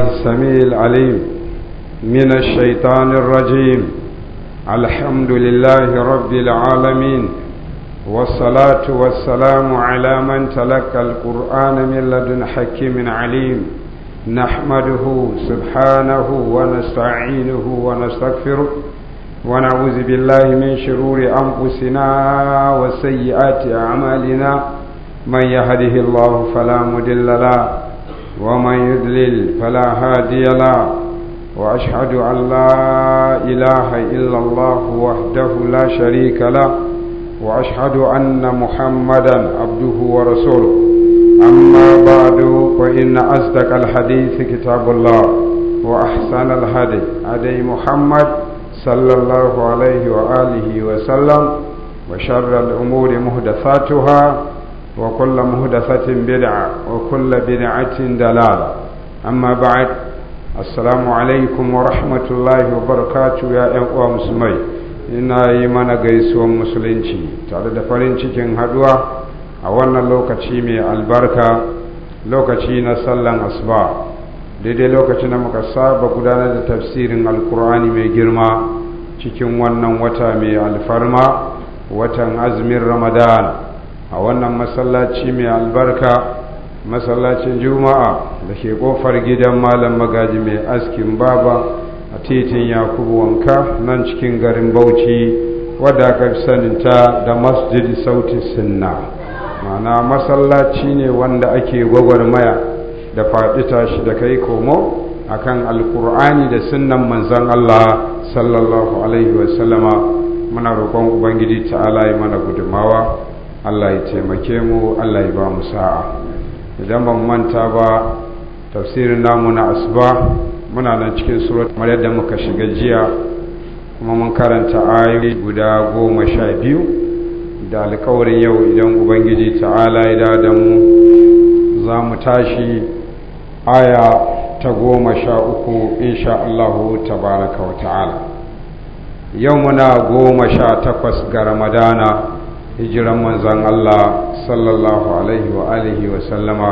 السميع العليم من الشيطان الرجيم الحمد لله رب العالمين والصلاة والسلام على من تلقى القرآن من لدن حكيم عليم نحمده سبحانه ونستعينه ونستغفره ونعوذ بالله من شرور أنفسنا وسيئات أعمالنا من يهده الله فلا مدل له ومن يدلل فلا هادي له وأشهد أن لا إله إلا الله وحده لا شريك له وأشهد أن محمدا عبده ورسوله أما بعد فإن أصدق الحديث كتاب الله وأحسن الهدي هدي محمد صلى الله عليه وآله وسلم وشر الأمور مهدفاتها وكل مهدفة بدعة وكل بدعة دلالة أما بعد السلام عليكم ورحمة الله وبركاته يا أقوى مسلمي ina yi mana gaisuwan musulunci tare da farin cikin haduwa a wannan lokaci mai albarka lokaci na sallan asuba daidai lokacin da muka saba gudanar da tafsirin alkur'ani mai girma cikin wannan wata mai alfarma watan azumin ramadan a wannan masallaci mai albarka masallacin juma'a da ke kofar gidan malam magaji mai askin baba a titin yakubu wanka nan cikin garin bauchi wadda aka fi saninta da masjid sauti sinna mana masallaci ne wanda ake gwagwarmaya da faɗita shi da kai komo a kan alkur'ani da sunnan manzon Allah sallallahu alaihi wasallama muna roƙon ubangiji ta'ala ya mana gudumawa Allah ya taimake mu Allah ya ba mu sa'a idan ban manta ba tafsirin namu na asuba muna nan cikin surat kamar yadda muka shiga jiya kuma mun karanta ayoyi guda goma sha biyu da alkawarin yau idan ubangiji ta'ala ya da mu za mu tashi aya ta goma sha uku insha Allahu tabaraka wa ta'ala yau muna goma sha takwas ga ramadana hijiran manzan Allah sallallahu alaihi wa alihi wa sallama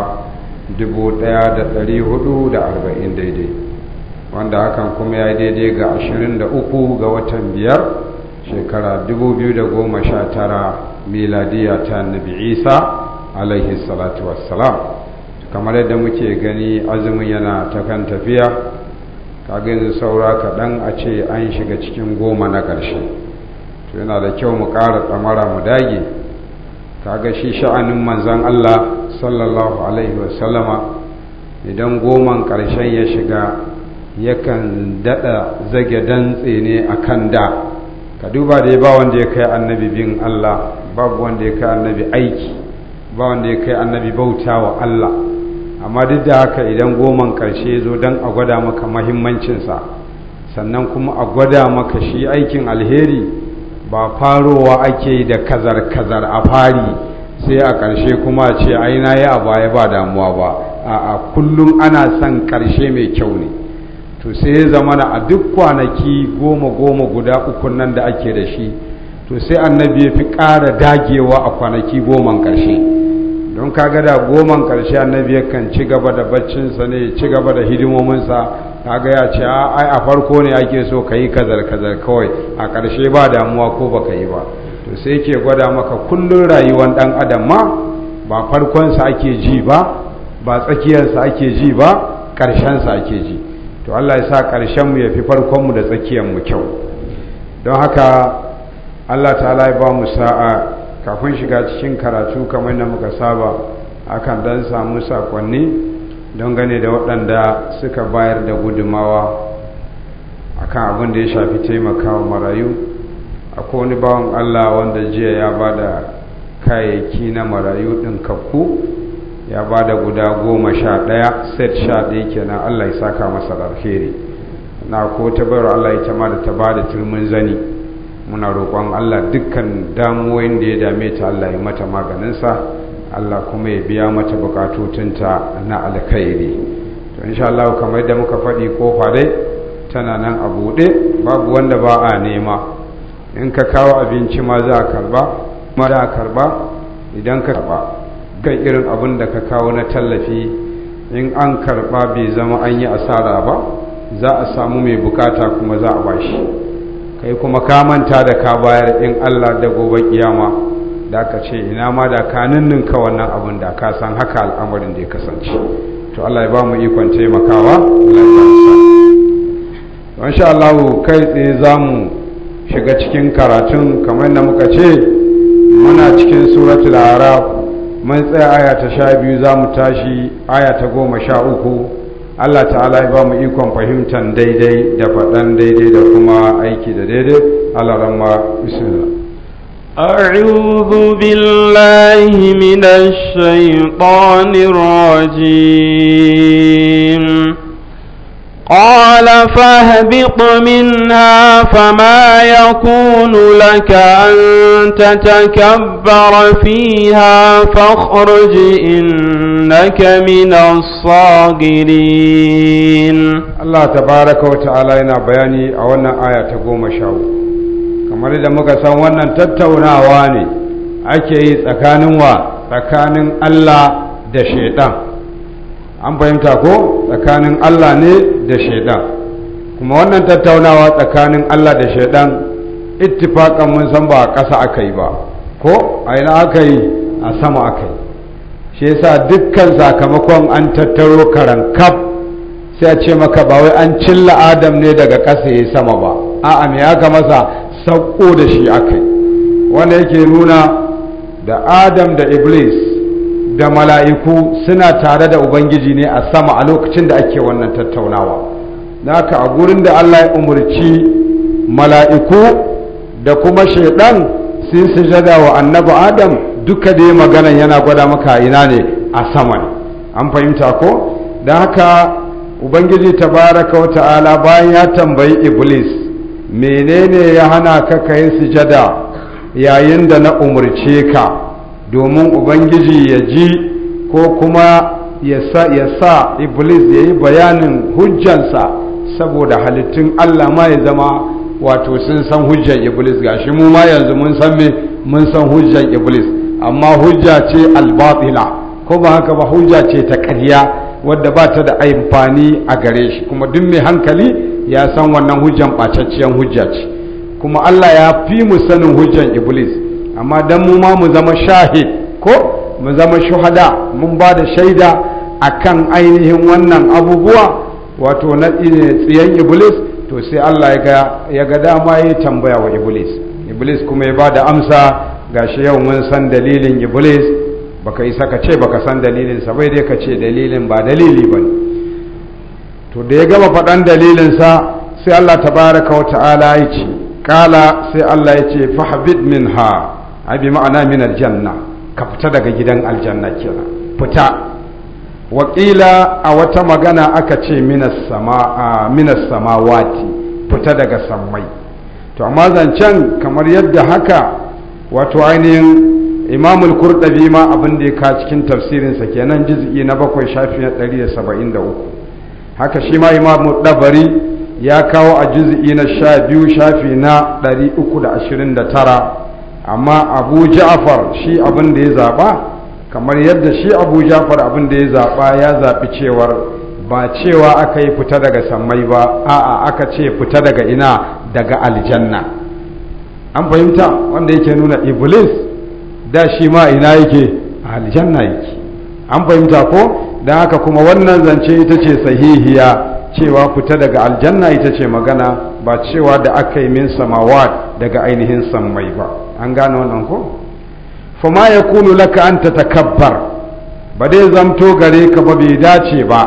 dubu ɗaya da ɗari hudu da arba'in daidai wanda hakan kuma ya daidai ga ashirin da uku ga watan biyar shekara dubu biyu da goma sha tara miladiya ta nabi isa alaihi salatu wassalam kamar yadda muke gani azumin yana ta kan tafiya kaga yanzu saura kaɗan a ce an shiga cikin goma na ƙarshe to yana da kyau mu ƙara tsamara mu dage kaga shi sha'anin manzan Allah sallallahu alaihi wasallama idan goman ƙarshen ya shiga yakan daɗa zage dantse ne a kan da ka duba da ya ba wanda ya kai annabi bin Allah babu wanda ya kai annabi aiki ba wanda ya kai annabi bauta wa Allah amma duk da haka idan goman ƙarshe zo don a gwada maka mahimmancinsa sannan kuma a gwada maka shi aikin alheri ba farowa ake da kazar-kazar a fari sai a ƙarshe kuma ce aina ya a baya ba damuwa ba a kullum ana son ƙarshe mai kyau ne to sai ya zama a duk kwanaki goma-goma guda ukun nan da ake da shi to sai annabi ya fi ƙara dagewa a kwanaki goman ƙarshe don kaga da goman ƙarshe annabi yakan ci gaba da baccinsa ne ci gaba da hidimominsa kaga ya ce ai a farko ne ake so ka yi kazar kazar kawai a ƙarshe ba damuwa ko baka yi ba to sai ke gwada maka kullun rayuwar ɗan adam ma ba farkonsa ake ji ba ba tsakiyarsa ake ji ba ƙarshensa ake ji to Allah ya sa ƙarshenmu ya fi farkonmu da tsakiyarmu kyau don haka Allah ta'ala ya ba mu sa'a kafin shiga cikin karatu kamar na muka saba akan dan samu sakonni don gane da waɗanda suka bayar da gudumawa a kan abin da ya shafi taimakawa marayu a wani bawan Allah wanda jiya ya ba da kayayyaki na marayu ɗin kakku ya ba da guda goma sha ɗaya set sha ɗaya kenan Allah ya saka masa alheri na ko ta bayar Allah ya ma da ta ba da turmin zani muna roƙon Allah dukkan damuwoyin da ya dame ta Allah ya mata maganinsa Allah kuma ya biya mata bukatotinta na alkhairi to insha Allah kamar da muka faɗi kofa dai tana nan a buɗe babu wanda ba a nema in ka kawo abinci ma za a karba ma za a karba idan ka karba kan irin abin da ka kawo na tallafi in an karba bai zama an yi asara ba za a samu mai bukata kuma za a bashi kai kuma ka manta da ka bayar in Allah da gobe kiyama da ka ce ina ma da ka wannan abin da ka san haka al'amarin da ya kasance to Allah ya ba mu ikon taimakawa Allah ya sa Allah kai tsaye za shiga cikin karatun kamar da muka ce muna cikin suratul araf mun tsaya aya ta sha biyu za tashi aya ta goma sha uku Allah ta'ala ya ba mu ikon fahimtar daidai da faɗan daidai da kuma aiki da daidai Allah ramma bismillah أعوذ بالله من الشيطان الرجيم قال فاهبط منها فما يكون لك أن تتكبر فيها فاخرج إنك من الصاغرين الله تبارك وتعالى بياني أولا آية تقوم شاو kamar da muka san wannan tattaunawa ne ake yi tsakanin wa tsakanin Allah da shaidan an fahimta ko tsakanin Allah ne da shaidan kuma wannan tattaunawa tsakanin Allah da shaidan ittifakan mun san ba ƙasa aka yi ba ko a ina aka yi a sama aka yi shi yasa dukkan sakamakon an tattaro karan kaf sai a ce maka ba wai an cilla adam ne daga ƙasa ya sama ba a'a me aka masa sauko da shi aka yi wanda yake nuna da adam da iblis da mala'iku suna tare da ubangiji ne a sama a lokacin da ake wannan tattaunawa ka a gurin da allah ya umarci mala'iku da kuma shaidan sun sujada wa annabi adam duka dai maganan yana gwada maka ina ne a sama an fahimta ko da haka ubangiji tabaraka wa ta'ala bayan ya tambayi iblis menene ya hana ka kai sujada yayin da na umarce ka domin ubangiji ya ji ko kuma ya sa iblis ya yi bayanin hujjansa saboda halittun allah ma ya zama wato sun san hujjar iblis gashi mu ma yanzu mun san me mun san hujjar iblis amma hujja ce albatila ko ba haka ba hujja ce ta ƙarya wadda ba ta da amfani a gare shi kuma duk mai hankali ya san wannan hujjan ɓacacciyar hujja ce kuma Allah ya fi mu sanin hujjan iblis amma dan mu ma mu zama shahid ko mu zama shuhada mun ba da shaida kan ainihin wannan abubuwa wato na eh, tsiyan iblis to sai Allah ya ga dama ya tambaya wa iblis iblis kuma ya ba da amsa gashi yau mun san dalilin iblis baka isa ka ce baka san dalilin sa dai ka ce dalilin ba dalili bane to da ya gama faɗan dalilinsa sai Allah tabaraka wa ta'ala ya ce kala sai Allah ya ce ha, a abi ma'ana min aljanna ka fita daga gidan aljanna kenan fita waƙila a wata magana aka ce minas samawati fita daga sammai to amma zancen kamar yadda haka wato ainihin imamul kurɗabi ma abin da ya ka cikin tafsirinsa kenan jizgi na bakwai shafi na 173 haka shi ma imamu dabari ya kawo a juzi'i na sha biyu shafi na 329 amma abu ja'far shi abin da ya zaɓa kamar yadda shi abu ja'far abin da ya zaɓa ya zaɓi cewar ba cewa aka yi fita daga sammai ba a'a aka ce fita daga ina daga aljanna an fahimta wanda yake nuna iblis da shi ma ina yake aljanna yake an fahimta ko don haka kuma wannan zance ita ce sahihiya cewa fita daga aljanna ita ce magana ba cewa da aka yi min samawa daga ainihin sammai ba an gane wannan ko fama ya kunu laka an ta takabbar ba dai zamto gare ka ba bai dace ba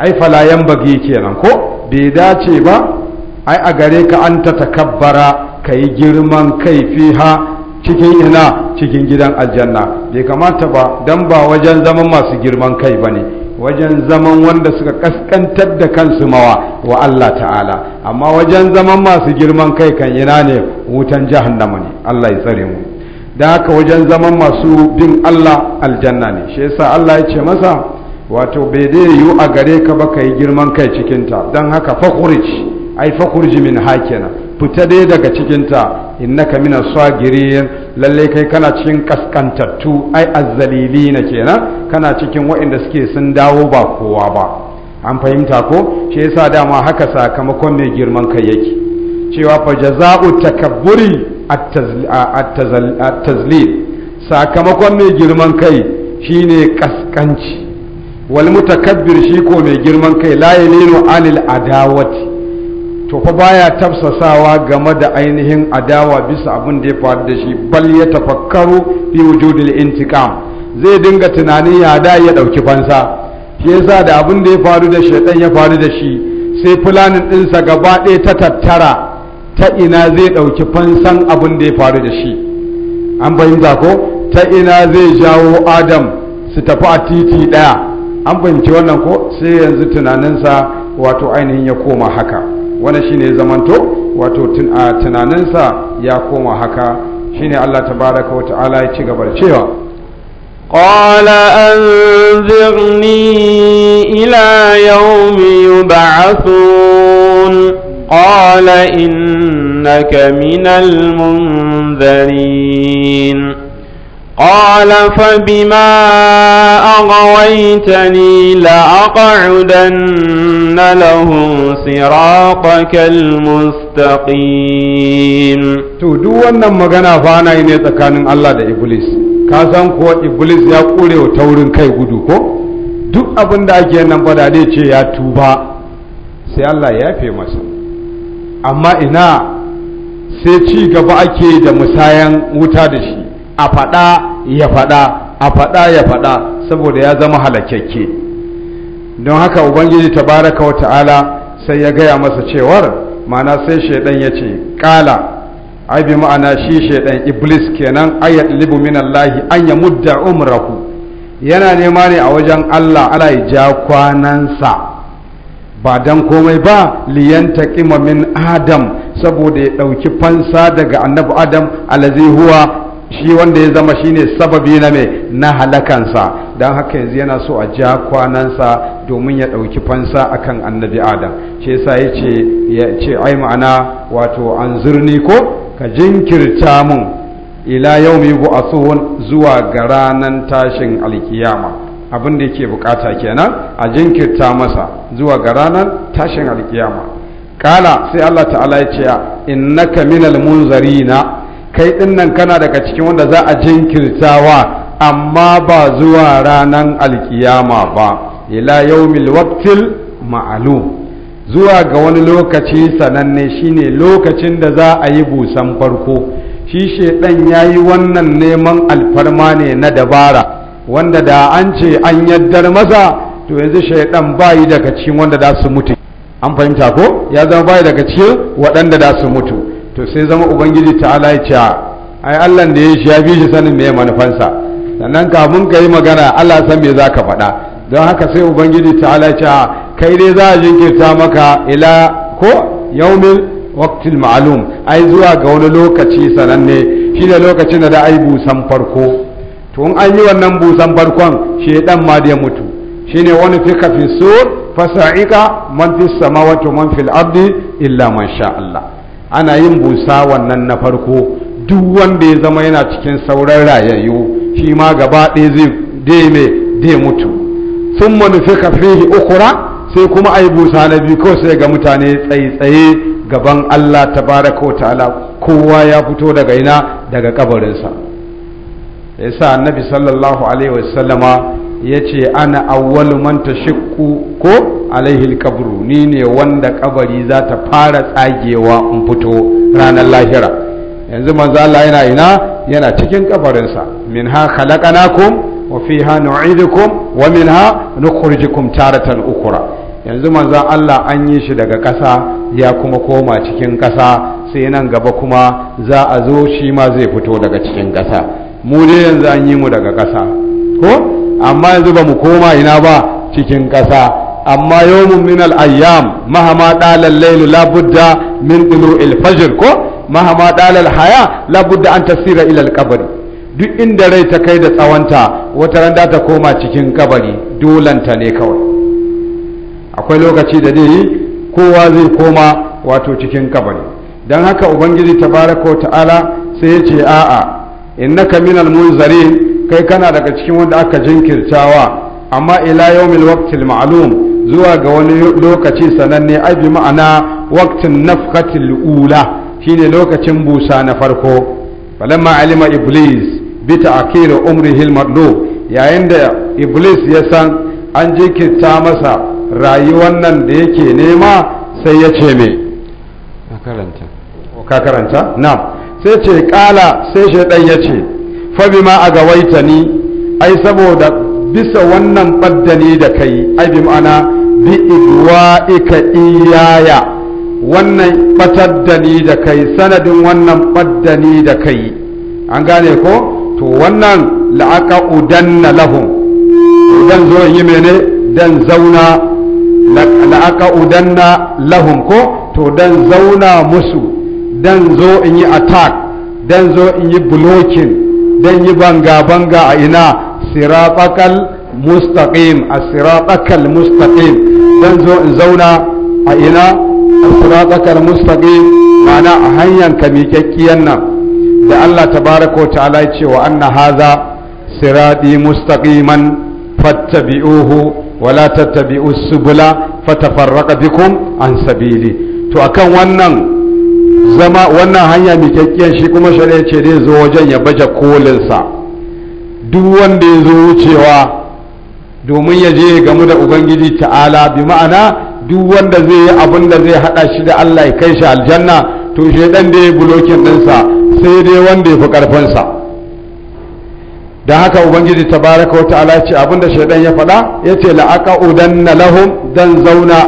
ai falayen bagi kenan ko bai dace ba ai a gare ka an ta takabbara ka yi girman kai fiha cikin ina cikin gidan aljanna bai kamata ba dan ba wajen zaman masu girman kai ba ne wajen zaman wanda suka kaskantar da kansu mawa wa Allah ta'ala amma wajen zaman masu girman kai kan ina ne wutan jahannama ne Allah ya tsare mu da haka wajen zaman masu bin Allah aljanna ne shi yasa Allah ya ce masa wato bai dai yiwu a gare ka ba ka girman kai cikinta dan haka fakhurij ai fakurji min hakina fita dai daga cikinta innaka sa sagirin lalle kai kana cikin kaskantattu ai na kenan kana cikin waɗanda suke sun dawo ba kowa ba an fahimta ko shi yasa dama haka sakamakon mai girman kai yake cewa fa jaza'u takabburi at-tazlil sakamakon mai girman kai shine kaskanci wal mutakabbir shi ko mai girman kai la yalinu anil adawati to fa baya tafsasawa game da ainihin adawa bisa abin da ya faru da shi bal ya tafakkaru fi wujudil intiqam zai dinga tunanin ya da ya dauki fansa shi yasa da abin da ya faru da shedan ya faru da shi sai fulanin sa gaba ɗaya ta tattara ta ina zai dauki fansan abin da ya faru da shi an fahimta ko ta ina zai jawo adam su tafi a titi daya an fahimci wannan ko sai yanzu tunaninsa wato ainihin ya koma haka wannan shine zamanto wato tunanin sa ya koma haka shine Allah tabaaraka wa ta'ala ya ci gaba da cewa qala anzirni ila yawmi yub'athun qala innaka minal munzirin قال فبما أغويتني لأقعدن لهم صراطك المستقيم to duk wannan magana fa na yi ne tsakanin Allah da Iblis ka san kuwa Iblis ya kurewa taurin kai gudu ko duk abin da ake nan da dai ce ya tuba sai Allah ya yafe masa amma ina sai ci gaba ake da musayan wuta da shi a faɗa ya faɗa a faɗa ya faɗa saboda ya zama halakakke don haka ubangiji tabaraka wa ta'ala sai ya gaya masa cewar mana sai shaidan ya ce ƙala abi ma'ana shi shaidan iblis kenan ayat libu min allahi an ya mudda umrahu yana nema ne a wajen allah ala ya ja kwanansa ba don komai ba liyanta min adam saboda ya ɗauki fansa daga annabi adam alazi shi wanda ya zama shine sababi na mai na halakansa don haka yanzu yana so a ja kwanansa domin ya ɗauki fansa akan annabi adam ce sa ya ce ya ce ai ma'ana wato an zurni ko ka jinkirta mun ila yau mai tsohon zuwa ga ranar tashin alkiyama abin da yake bukata kenan a jinkirta masa zuwa ga ranar tashin alkiyama kala sai Allah ta'ala ya ce innaka minal na. kai ɗinnan kana daga cikin wanda za a jinkirtawa amma ba zuwa ranar alkiyama ba ila yaumil waqtil ma'alu zuwa ga wani lokaci sananne shine lokacin da za a yi busan farko shi shedan ya yi wannan neman alfarma ne na dabara wanda da an ce an yaddar masa to yanzu shedan bayi daga cikin wanda da su mutu an fahimta ko ya zama bayi daga cikin waɗanda da su mutu to sai zama ubangiji ta'ala ya ce ai Allah da ya shi ya bi shi sanin me manufansa sannan kafin ka yi magana Allah san me za ka faɗa don haka sai ubangiji ta'ala ya ce kai dai za a jinkirta maka ila ko yaumin waktil ma'alum ai zuwa ga wani lokaci sananne shine lokacin da da ai busan farko to in an yi wannan busan farkon shi dan ma da ya mutu shine wani fika fi sur fasa'ika man fis samawati man fil ardi illa man sha Allah ana yin busa wannan na farko duk wanda ya zama yana cikin sauran rayayyu shi ma gaba ɗaya zai dai dai mutu sun manufi kafihi ukura sai kuma a yi busa na biyu kawai sai ga mutane tsaye-tsaye gaban Allah ta ta'ala kowa ya fito daga ina daga kabarinsa yasa annabi sallallahu alaihi wasallama ya ce ana awwalu man tashakku ko alaihil kabru ni ne wanda kabari za ta fara tsagewa in fito ranar lahira yanzu manzo Allah yana ina yana cikin kabarinsa minha khalaqnakum wa fiha nu'idukum wa minha nukhrijukum taratan ukra yanzu manzo Allah an yi shi daga ƙasa ya kuma koma cikin ƙasa sai nan gaba kuma za a zo shi ma zai fito daga cikin kasa mu ne yanzu an yi mu daga ƙasa ko amma yanzu ba mu koma ina ba cikin ƙasa amma yawon min al-ayyam mahama dalal laylu la min tulu ilfajir ko mahama dalal haya la an tasira ilal kabari duk inda rai ta kai da tsawanta wata randa ta koma cikin kabari dolanta ne kawai akwai lokaci da dai kowa zai koma wato cikin kabari don haka ubangiji ta ta'ala sai ya ce a'a innaka minal munzarin kai kana daga cikin wanda aka jinkirtawa amma ila yawmil waqtil ma'lum zuwa ga wani lokaci sananne ai bi ma'ana waqtin al ula shine lokacin busa na farko falamma alima iblis bi ta'khir umrihi al yayin da iblis ya san an ta masa rayuwar nan da yake nema sai ya ce me karanta ka karanta na'am sai ce kala sai yace ya ce fa bima agawaita ni ai saboda bisa wannan baddani da kai ai bi ma'ana bi idwa'ika iyaya wannan batar da ni da kai sanadin wannan badda ni da kai an gane ko to wannan la'aka udanna lahum dan zo yi mene dan zauna la'aka udanna lahum ko to dan zauna musu dan zo in yi attack dan zo in yi blocking dan yi banga banga a ina siratakal mustaqim a siratal mustaqim dan zo in zauna a ina as mustaqim mana a hanyar ka miƙaƙƙiyan nan da Allah tabaraka ta'ala ya ce wa anna haza sirati mustaqiman fattabi'uhu wa la tattabi'u subula fatafarraqa bikum an sabili to akan wannan zama wannan hanya miƙaƙƙiyar shi kuma shari'a ce zai zo wajen ya baje kolinsa duk wanda ya zo wucewa domin ya je ya gamu da ubangiji ta'ala bi ma'ana duk wanda zai yi abin da zai hada shi da Allah ya kai shi aljanna to shedan da ya bulokin dinsa sai dai wanda ya fi karfinsa da haka ubangiji tabaraka wa ta'ala ce abin da shedan ya faɗa ya ce udanna lahum dan zauna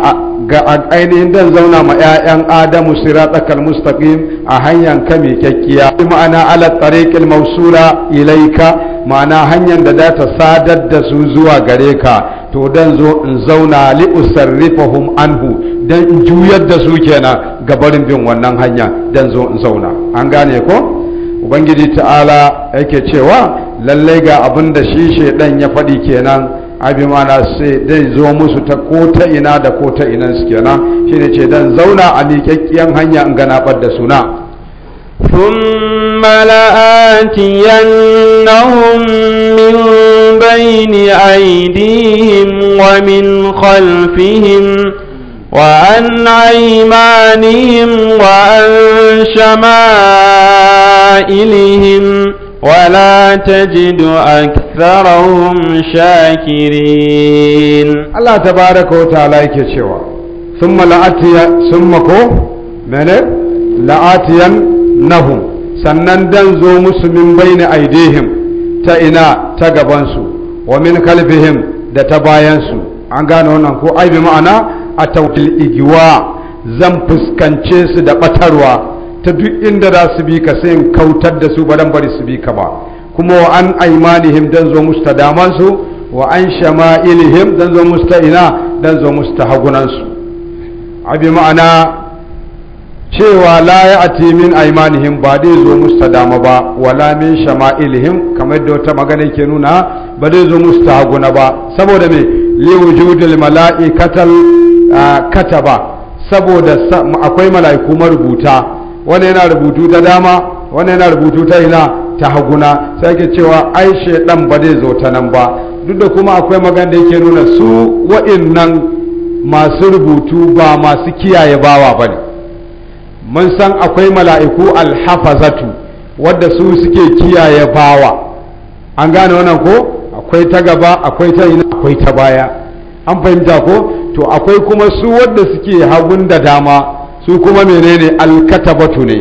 ga ainihin dan zauna ma 'ya'yan adamu siratakal mustaqim a hanyar kame kyakkiya ma'ana ala tariqil mawsula ilaika ma'ana hanyar da za ta sadar da su zuwa gare ka to dan zo in zauna li usarrifahum anhu dan in juyar da su kenan ga barin bin wannan hanya dan zo in zauna an gane ko ubangiji ta'ala yake cewa lallai ga abin da shi shaidan ya faɗi kenan abi mana sai dai zo musu ta ko ta ina da ko ta su kenan shine ce dan zauna a miƙaƙƙiyan hanya in ga na da suna ثم لآتينهم من بين أيديهم ومن خلفهم وعن أيمانهم وعن شمائلهم ولا تجد أكثرهم شاكرين الله تبارك وتعالى يكشوا ثم لآتي ثم كو من لآتين nahu sannan dan zo musu min baini aidihim ta ina ta gabansu wa min kalfihim da ta bayansu an gane wannan ko ai bi ma'ana a tawkil igiwa zan fuskance su da batarwa ta duk inda za su bi ka sai in kautar da su baran bari su bi ka ba kuma wa an aimanihim dan zo musu ta damansu wa an shama'ilihim dan zo musu ta ina dan zo musu ta hagunansu abi ma'ana cewa la ya ati min aimanihim ba dai zo musu ta dama ba wala min shama'ilihim kamar da wata magana ke nuna ba dai zo musu ta haguna ba saboda me li wujudil mala'ikatal kataba saboda akwai mala'iku marubuta wani yana rubutu ta dama wani yana rubutu ta ina ta haguna sai ke cewa ai shedan ba dai zo ta nan ba duk da kuma akwai magana da yake nuna su wa'innan masu rubutu ba masu kiyaye bawa bane mun san akwai mala'iku alhafazatu wadda su suke kiyaye bawa an gane wannan ko akwai ta gaba akwai ta ina akwai ta baya an fahimta ko to akwai kuma su wadda suke hagun da dama su kuma menene alkatabatu ne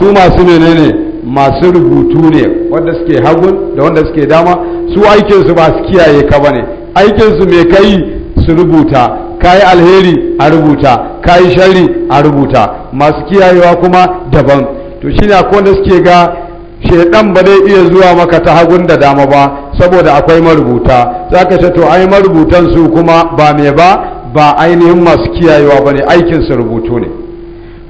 su masu menene masu rubutu ne wadda suke hagun da wanda suke dama su aikinsu ba su kiyaye ka bane aikinsu mai kai su rubuta kayi alheri a rubuta kayi shari a rubuta masu kiyayewa kuma daban to shine akwai wanda suke ga shaidan ba zai iya zuwa maka ta hagun da dama ba saboda akwai marubuta ka ce to ai marubutan su kuma ba me ba ba ainihin masu kiyayewa ba ne aikin su rubutu ne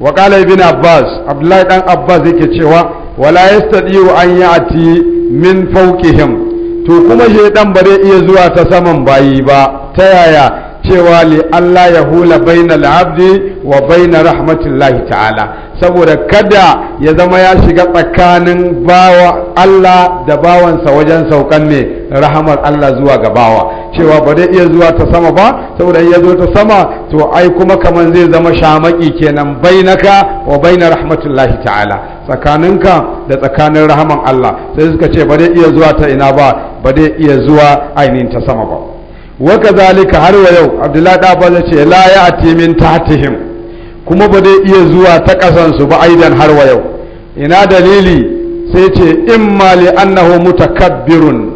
wa qala ibn abbas abdullahi dan abbas yake cewa wala yastadiu an ya'ti min fawqihim to kuma shaidan ba zai iya zuwa ta saman bayi ba ta yaya cewa li Allah ya hula baina al'abdi wa baina rahmatullahi ta'ala saboda kada ya zama ya shiga tsakanin bawa Allah da bawansa wajen saukan ne rahamar Allah zuwa ga bawa cewa ba zai iya zuwa ta sama ba saboda iya zo ta sama to ai kuma kaman zai zama shamaki kenan bainaka wa baina rahmatullahi ta'ala tsakaninka da tsakanin rahaman Allah sai suka ce ba zai iya zuwa ta ina ba ba zai iya zuwa ainihin ta sama ba waka zalika har wa yau abdullahi ɗabar ya ce la ya ati min tahtihim kuma ba zai iya zuwa ta kasan su ba aidan har wa yau ina dalili sai ce in ma li annahu mutakabbirun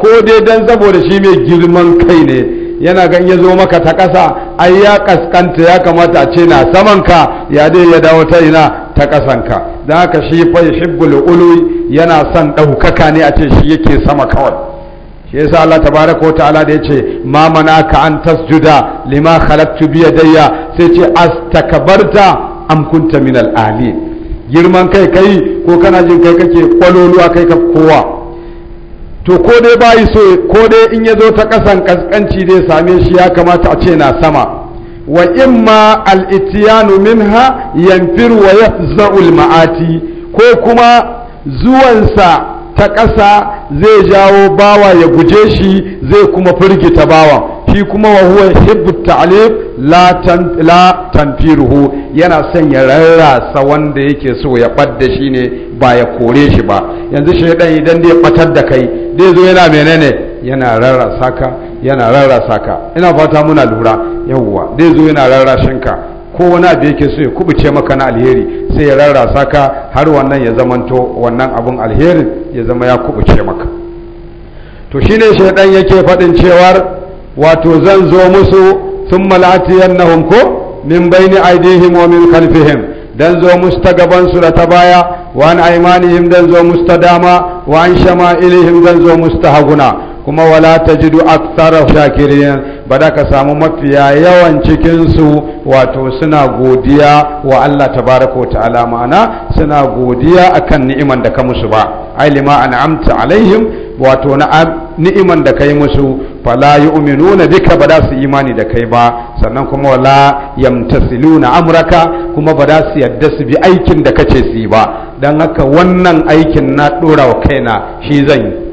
ko dai dan saboda shi mai girman kai ne yana gan ya zo maka ta kasa ai ya kaskanta ya kamata a ce na saman ka ya dai ya dawo ta ina ta ka don haka shi fa yuhibbul ului yana son ɗaukaka ne a ce shi yake sama kawai ya yasa Allah tabaraka ta'ala da yace ma manaka an tasjuda lima khalaqtu bi yadayya sai ce astakbarta am kunta min al girman kai kai ko kana jin kai kake kwaloluwa kai ka kowa to ko dai bai so ko dai in ya zo ta kasan kaskanci zai same shi ya kamata a ce na sama wa imma al-itiyanu minha yanfir wa yafza'u al-ma'ati ko kuma zuwansa ta ƙasa zai jawo bawa ya guje shi zai kuma firgita bawa shi kuma wa huwa hibbu ta'lib la tanfiruhu yana son ya rarrasa wanda yake so ya badda shi ne ba ya kore shi ba yanzu shaidan idan dai batar da kai dai zo yana menene yana rarrasa ka yana rarrasa ka ina fata muna lura yawwa dai zo yana rarrashin ka ko wani abu yake so ya kubuce maka na alheri sai ya rarrasa ka har wannan ya zamanto wannan abun alherin ya zama ya kubuce maka to shine shaidan yake faɗin cewar wato zan zo musu sun mala'atiyannahum ko min baini aidihim wa min khalfihim dan zo musu ta gaban su da ta baya wa an aimanihim dan zo musu ta dama wa an shama'ilihim dan zo musu ta haguna kuma wala tajidu aktsara shakirin ba da ka samu mafiya yawan cikinsu wato suna godiya wa Allah tabaraka wa ta'ala ma'ana suna godiya akan ni'iman da ka musu ba ai lima an'amta alaihim wato na ni'iman da kai musu fala yu'minuna bika ba da su imani da kai ba sannan kuma wala na amraka kuma ba da su yadda su bi aikin da kace su yi ba dan haka wannan aikin na dora wa kaina shi zan yi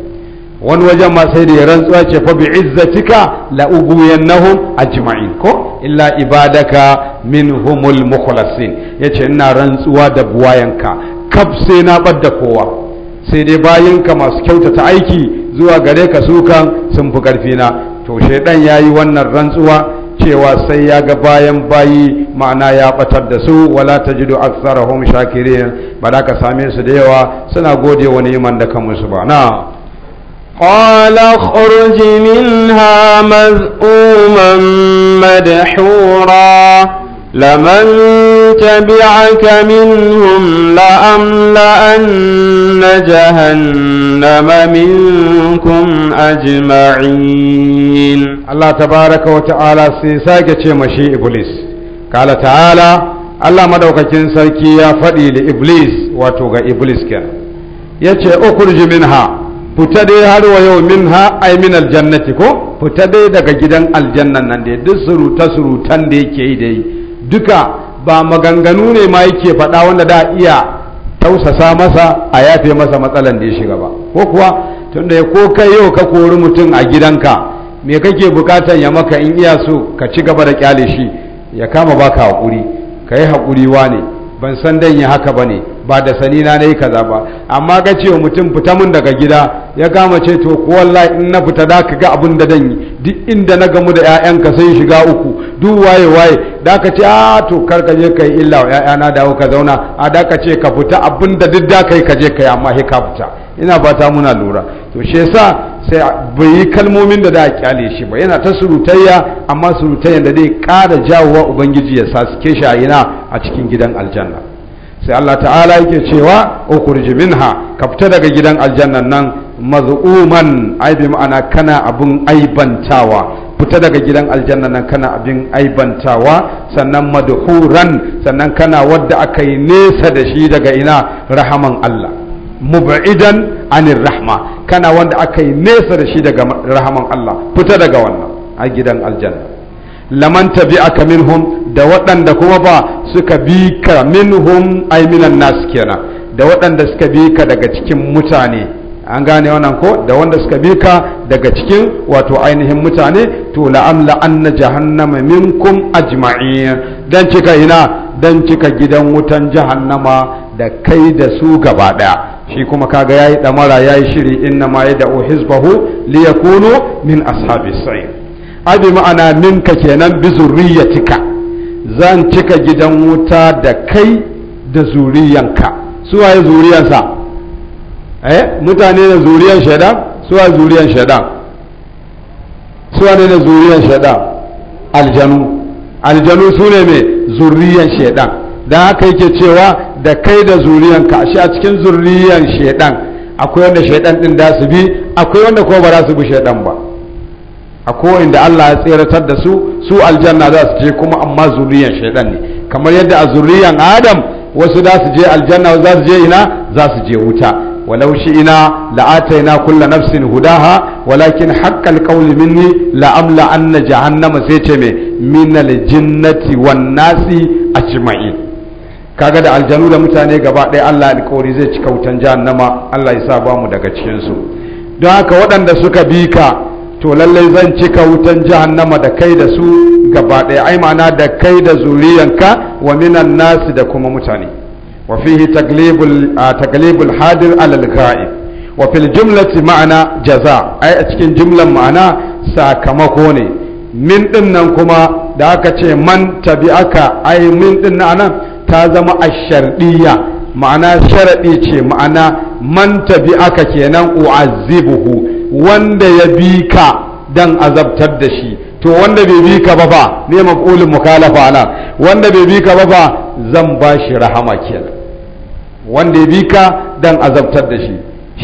wani wajen ma sai da ya rantsuwa ce fa bi izzatika la ubuyannahum ajma'in ko illa ibadaka minhumul mukhlasin yace ina rantsuwa da buwayanka kaf sai na badda kowa sai dai ka masu kyautata aiki zuwa gare ka kan sun fi karfi na to shaidan yayi wannan rantsuwa cewa sai ya ga bayan bayi ma'ana ya batar da su wala tajidu aktsarahum shakirin ba da ka same su da yawa suna gode wa neman da kan musu ba na قال اخرج منها مذءوما مدحورا لمن تبعك منهم لأملأن جهنم منكم أجمعين الله تبارك وتعالى سيساك مشي إبليس قال تعالى الله مدوك كنسلك يا فدي لإبليس واتوغ إبليس كان يتي أخرج منها fita dai har wa yau min ha ai min aljannati ko fita dai daga gidan aljannan nan dai duk suruta surutan da yake yi dai duka ba maganganu ne ma yake faɗa wanda da iya tausasa masa a yafe masa matsalan da ya shiga ba ko kuwa tunda ya ko kai yau ka kori mutum a gidanka me kake bukatan ya maka in iya so ka ci gaba da kyale shi ya kama baka hakuri ka yi hakuri wane ban san dan ya haka bane ba da sanina na yi kaza ba amma ka ce mutum fita mun daga gida ya kama ce to ko wallahi in na fita da ka ga abin da danyi duk inda na gamu da ƴaƴanka sai shiga uku duk waye waye da ka ce a ah, to kar ka je kai illa wa ƴaƴana dawo ka zauna a da ka ce ka fita abin da duk da kai ka je kai amma he ka fita ina fata muna lura to shi yasa sai bai yi kalmomin da da a kyale shi ba yana ta surutayya amma surutayya da zai ƙara jawowa ubangiji ya sasu shi a ina a cikin gidan aljanna sai Allah ta'ala yake cewa ukurji minha ka fita daga gidan aljannan nan maz'uman ai bi ma'ana kana abun aibantawa fita daga gidan aljanna nan kana abin aibantawa sannan madhuran sannan kana wadda aka yi nesa da shi daga ina rahaman Allah mub'idan anir rahma kana wanda aka yi nesa da shi daga rahaman Allah fita daga wannan a gidan aljanna laman aka minhum da waɗanda kuma ba suka bi ka minhum ai minan nas kenan da waɗanda suka bi ka daga cikin mutane an gane wannan ko da wanda suka bi ka daga cikin wato ainihin mutane to la'amla anna jahannama minkum ajma'in dan cika ina dan cika gidan wutan jahannama da kai da su gaba daya shi kuma kaga yayi damara yayi shiri inna ma uhizbahu li yakunu min ashabi sayyid abi ma'ana minka kenan bi zurriyatika zan cika gidan wuta da kai da zuriyanka su waye zuriyansa eh mutane da zuriyar shaidan a zuriyar shaidan su ne da zuriyar shaidan aljanu aljanu su ne mai zuriyar shaidan da haka yake cewa da kai da zuriyanka shi a cikin zuriyar shaidan akwai wanda shaidan din da su bi akwai wanda kuma ba za su bi shaidan ba a kowai da Allah ya tseratar da su su aljanna za su je kuma amma zuriyar shaidan ne kamar yadda a zuriyar Adam wasu za su je aljanna za su je ina za su je wuta ولو شئنا لآتينا كل نفس هداها ولكن حق القول مني لأملأن جهنم سيتمي من الجنة والناس أجمعين kaga da aljanu da mutane gaba ɗaya Allah alƙawari zai cika wutan jahannama Allah ya sa ba mu daga cikin su don haka waɗanda suka bi ka to lallai zan cika wutan jahannama da kai da su gaba ɗaya ai ma'ana da kai da zuriyanka wa minan nasi da kuma mutane وفيه تقليب تقليب الحاضر على الغائب وفي الجملة معنى جزاء أي أتكين جملة معنى ساكمكوني من إنكما داك من تبعك أي من إننا تازم الشرطية معنى شرطي معنى من تبعك كينا أعذبه وند يبيك dan azabtar da shi to wanda bai bi ka ba ba ne maf'ulin mukhalafa ala wanda bai bi ka ba ba zan bashi rahama kenan wanda ya bi ka dan azabtar da shi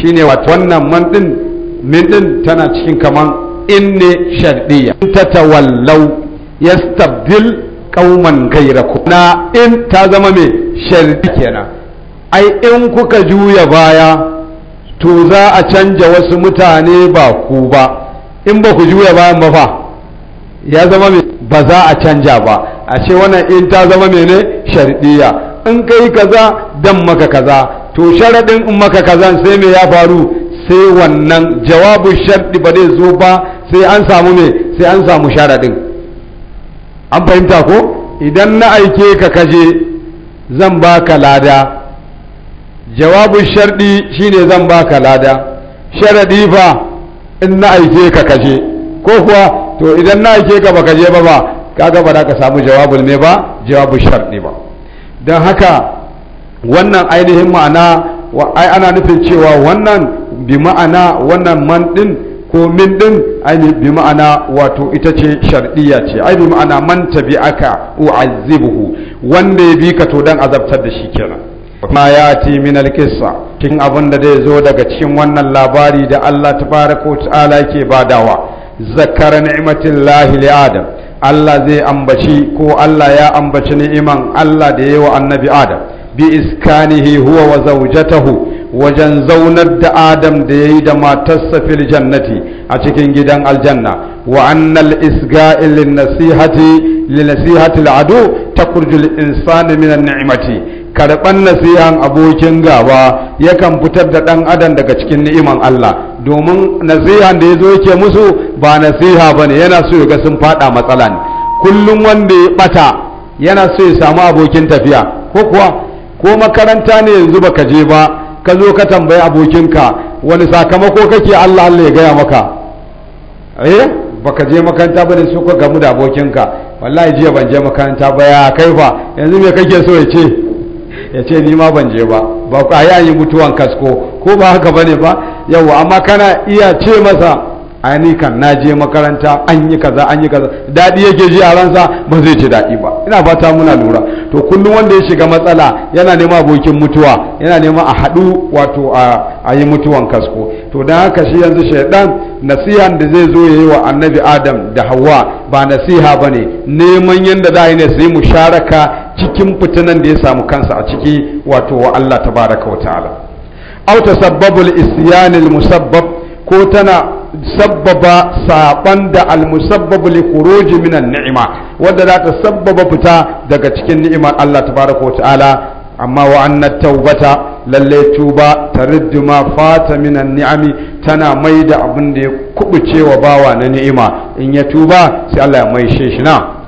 Shi ne wata wannan man ɗin min ɗin tana cikin kaman ne shardiya in tatawallau ƙauman qauman ghayrakum na in ta zama mai shardi kenan ai in kuka juya baya to za a canja wasu mutane ba ku ba in ba ku juya bayan ba fa ya zama mai ba za a canja ba a ce wannan in ta zama ne shardiya in kai kaza dan maka kaza to sharadin in maka kaza sai me ya faru sai wannan jawabu sharɗi ba zai zo ba sai an samu ne sai an samu sharadin an fahimta ko idan na aike ka kaje zan baka lada jawabu sharɗi shine zan baka lada sharadi fa in na aike ka kaje ko kuwa to idan na aike ka ba kaje ba ba kaga ba za ka samu jawabul me ba jawabu sharɗi ba don haka wannan ainihin ma'ana ai ana nufin cewa wannan bi ma'ana wannan man din ko min din ainihin bi ma'ana wato ita ce shar'iyya ce ai bi ma'ana man tabi'aka u'azzibuhu wanda ya bi ka to dan azabtar da shi kenan ma ya ti min qissa kin abin da zai zo daga cikin wannan labari da Allah tabaraka wa ta'ala yake badawa zakara ni'matillahi li adam Allah zai ambaci ko Allah ya ambaci ni'iman Allah da yawa annabi Adam bi iskanihi huwa wa zawjatahu wajen zaunar da Adam da yayi da matarsa fil jannati a cikin gidan aljanna wa annal isga'i lin nasihati lin nasihati al'adu takhruju lil insani min karban nasihan abokin gaba yakan fitar da dan adam daga cikin ni'iman Allah domin nasiha da ya zo yake musu ba nasiha ba ne yana so ga sun fada matsala ne kullum wanda ya bata yana so ya samu abokin tafiya ko kuwa ko makaranta ne yanzu ba ka je ba ka zo ka tambayi abokinka wani sakamako kake Allah Allah ya gaya maka eh ka je makaranta ba ne su ka gamu da abokinka wallahi jiya ban je makaranta ba ya kai ba yanzu me kake so ya ce ya ce ni ma ban je ba ba ku ayi mutuwan kasko ko ba haka bane ba yawa amma kana iya ce masa ainihin kan na je makaranta an yi kaza an yi kaza daɗi yake ji a ransa ba zai ci daɗi ba ina fata muna lura to kullum wanda ya shiga matsala yana nema abokin mutuwa yana nema a haɗu wato a yi mutuwan kasko to don haka shi yanzu shaidan nasihan da zai zo ya yi wa annabi adam da hawa ba nasiha ba ne neman yadda za a yi ne su yi musharaka cikin fitinan da ya samu kansa a ciki wato wa allah tabaraka wa ta'ala aw tasabbabu al-isyan musabbab ko tana sabbaba saban da al li khuruj min ni'ima wanda za ta sabbaba fita daga cikin ni'imar Allah tabaraka wa ta'ala amma wa anna taubata lalle tuba tariddu ma fata minan ni'ami tana mai da abin da ya kubucewa bawa na ni'ima in ya tuba sai Allah ya maishe shi na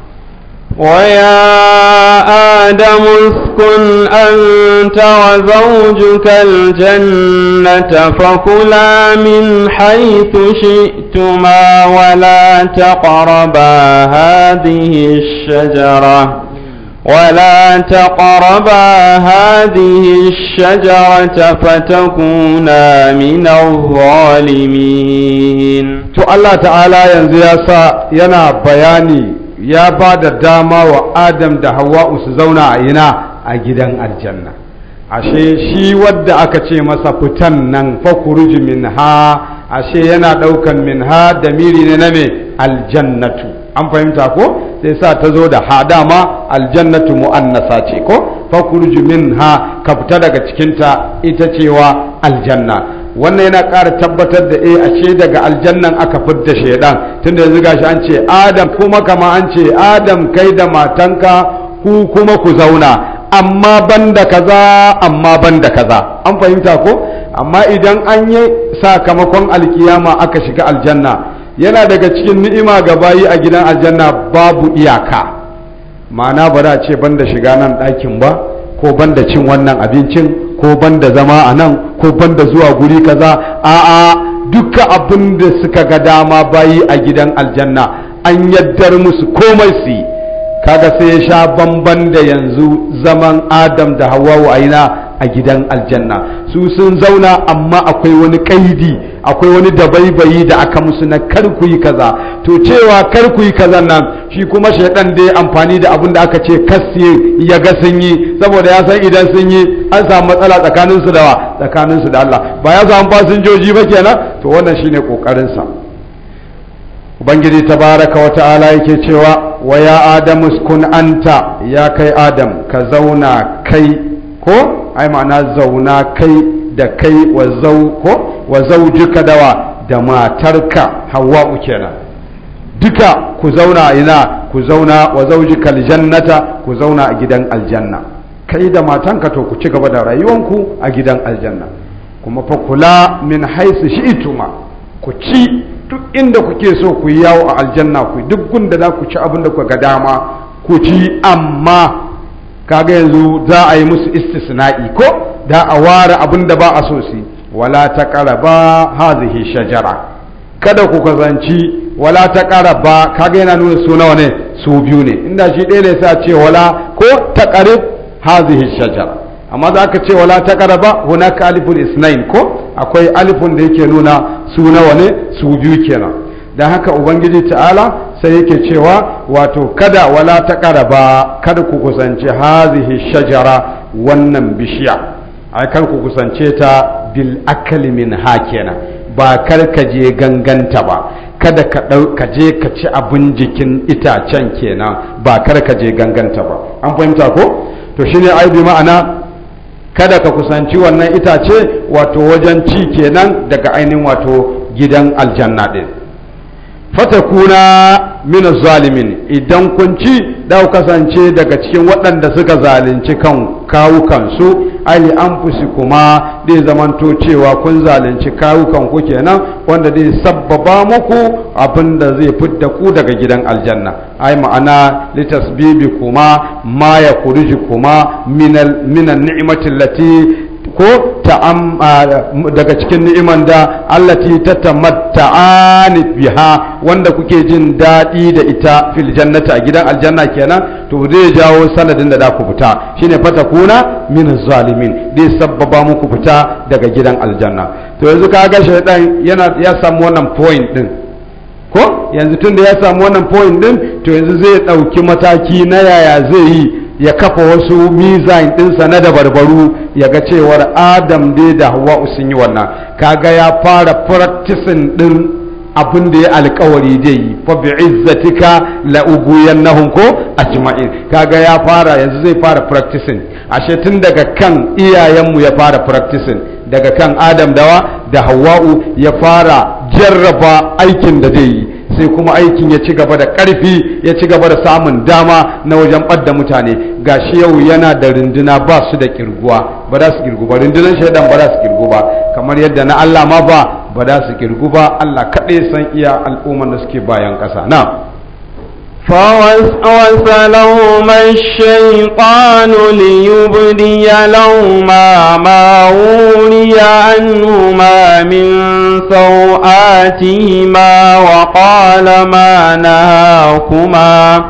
ويا آدم اسكن أنت وزوجك الجنة فكلا من حيث شئتما ولا تقربا هذه الشجرة ولا تقربا هذه الشجرة فتكونا من الظالمين تو الله تعالى ينزل ينا بياني ya ba da dama wa adam da hawa'u su zauna a ina a gidan aljanna ashe shi wadda aka ce masa fitan nan fakuruji min ha ashe yana ɗaukan min ha da miri ne na me aljannatu an fahimta ko sai sa ta zo da ha dama aljannatu mu'annasa ce ko fakuruji min ha ka fita daga cikinta ita cewa aljanna wannan yana ƙara tabbatar da eh ashe daga aljannan aka fidda shedan tunda yanzu gashi an ce adam kuma kama an ce adam kai da matanka ku kuma ku zauna amma banda kaza amma banda kaza an fahimta ko amma idan an yi sakamakon alkiyama aka shiga aljanna yana daga cikin ni'ima ga bayi a gidan aljanna babu iyaka ma'ana ba za a ce banda shiga nan ɗakin ba ko banda cin wannan abincin ko ban da zama a nan ko ban da zuwa guri kaza a'a duka abin da suka ga dama bayi a gidan aljanna an yaddar musu komai su kaga sai ya sha bamban da yanzu zaman adam da hawa aina a gidan aljanna su sun zauna amma akwai wani kaidi akwai wani dabaibayi da aka musu na karku yi kaza to cewa karku yi kaza nan shi kuma shaidan da ya amfani da abin da aka ce kasiye ya ga sun yi saboda ya san idan sun yi an samu matsala tsakanin su da wa tsakanin su da Allah ba ya samu fasinjoji ba kenan to wannan shine kokarin sa ubangiji tabaraka wa ta'ala yake cewa wa ya adamu kun anta ya kai adam ka zauna kai ko ai ma'ana zauna kai da kai wa zau ko wa zawjuka dawa da matarka hawa'u kenan duka ku zauna ina ku zauna wa zawjuka aljannata ku zauna a gidan aljanna kai da matanka to ku ci gaba da rayuwanku a gidan aljanna kuma fa kula min haisu shi'tuma ku ci duk inda kuke so ku yi yawo a aljanna ku duk gunda za ku ci abin da ku ga dama ku ci amma kaga yanzu za a yi musu istisna'i ko da a ware abin da ba a so su yi. wala ta taqraba hadhihi shajara kada ku kazanci wala ta ƙaraba kaga yana nuna su nawa ne su biyu ne inda shi ɗaya ne sa ce wala ko taqrib hadhihi shajara amma za ka ce wala ta taqraba ka alifun isnain ko akwai alifun da yake nuna su nawa ne su biyu kenan da haka ubangiji ta'ala sai yake cewa wato kada wala ta ƙaraba kada ku kusanci hadhihi shajara wannan bishiya ai kar ku kusance ta bil akali min hakena ba kar ka je ganganta ba kada ka je ka ci abin jikin itacen kenan ba kar ka je ganganta ba an fahimta ko to shine ai bi ma'ana kada ka kusanci wannan itace wato wajen ci kenan daga ainihin wato gidan aljanna din fatakuna min zalimin idan kun ci da kasance daga cikin waɗanda suka zalunci kan kawukansu ali an kuma zai zamanto cewa kun zalunci kawukan ku kenan wanda zai sababa muku abin da zai fidda ku daga gidan aljanna ai ma'ana litasbibi kuma ma ya kuma minan ni'imatin lati ko ta daga cikin ni'iman da allati tatamatta'ani biha wanda kuke jin daɗi da ita fil jannata a gidan aljanna kenan to zai jawo sanadin da ku fita shine fatakuna min zalimin zai sabbaba muku fita daga gidan aljanna to yanzu kaga shaydan yana ya samu wannan point din ko yanzu tun da ya samu wannan point din to yanzu zai ɗauki mataki na yaya zai yi ya kafa wasu mizan ɗinsa na dabarbaru ya ga cewar adam dai da hawa sun yi wannan kaga ya fara practicing ɗin abin da ya alkawari dai yi fa bi izzatika la ubuyannahum ko ajma'in kaga ya fara yanzu zai fara practicing ashe tun daga kan iyayenmu ya fara practicing daga kan adam dawa da hawa'u ya fara jarraba aikin da zai yi sai kuma aikin ya ci gaba da ƙarfi ya ci gaba da samun dama na wajen ɓadda mutane ga shi yau yana da rinduna ba su da kirguwa ba za su kirgu ba rundunan shaidan ba za su kirgu ba kamar yadda na Allah ma ba ba za su kirgu ba Allah kaɗai san iya al'umman da suke bayan ƙasa na فوسوس لهما الشيطان ليبدي لهما ما ولي عنهما من سوآتهما وقال ما نهاكما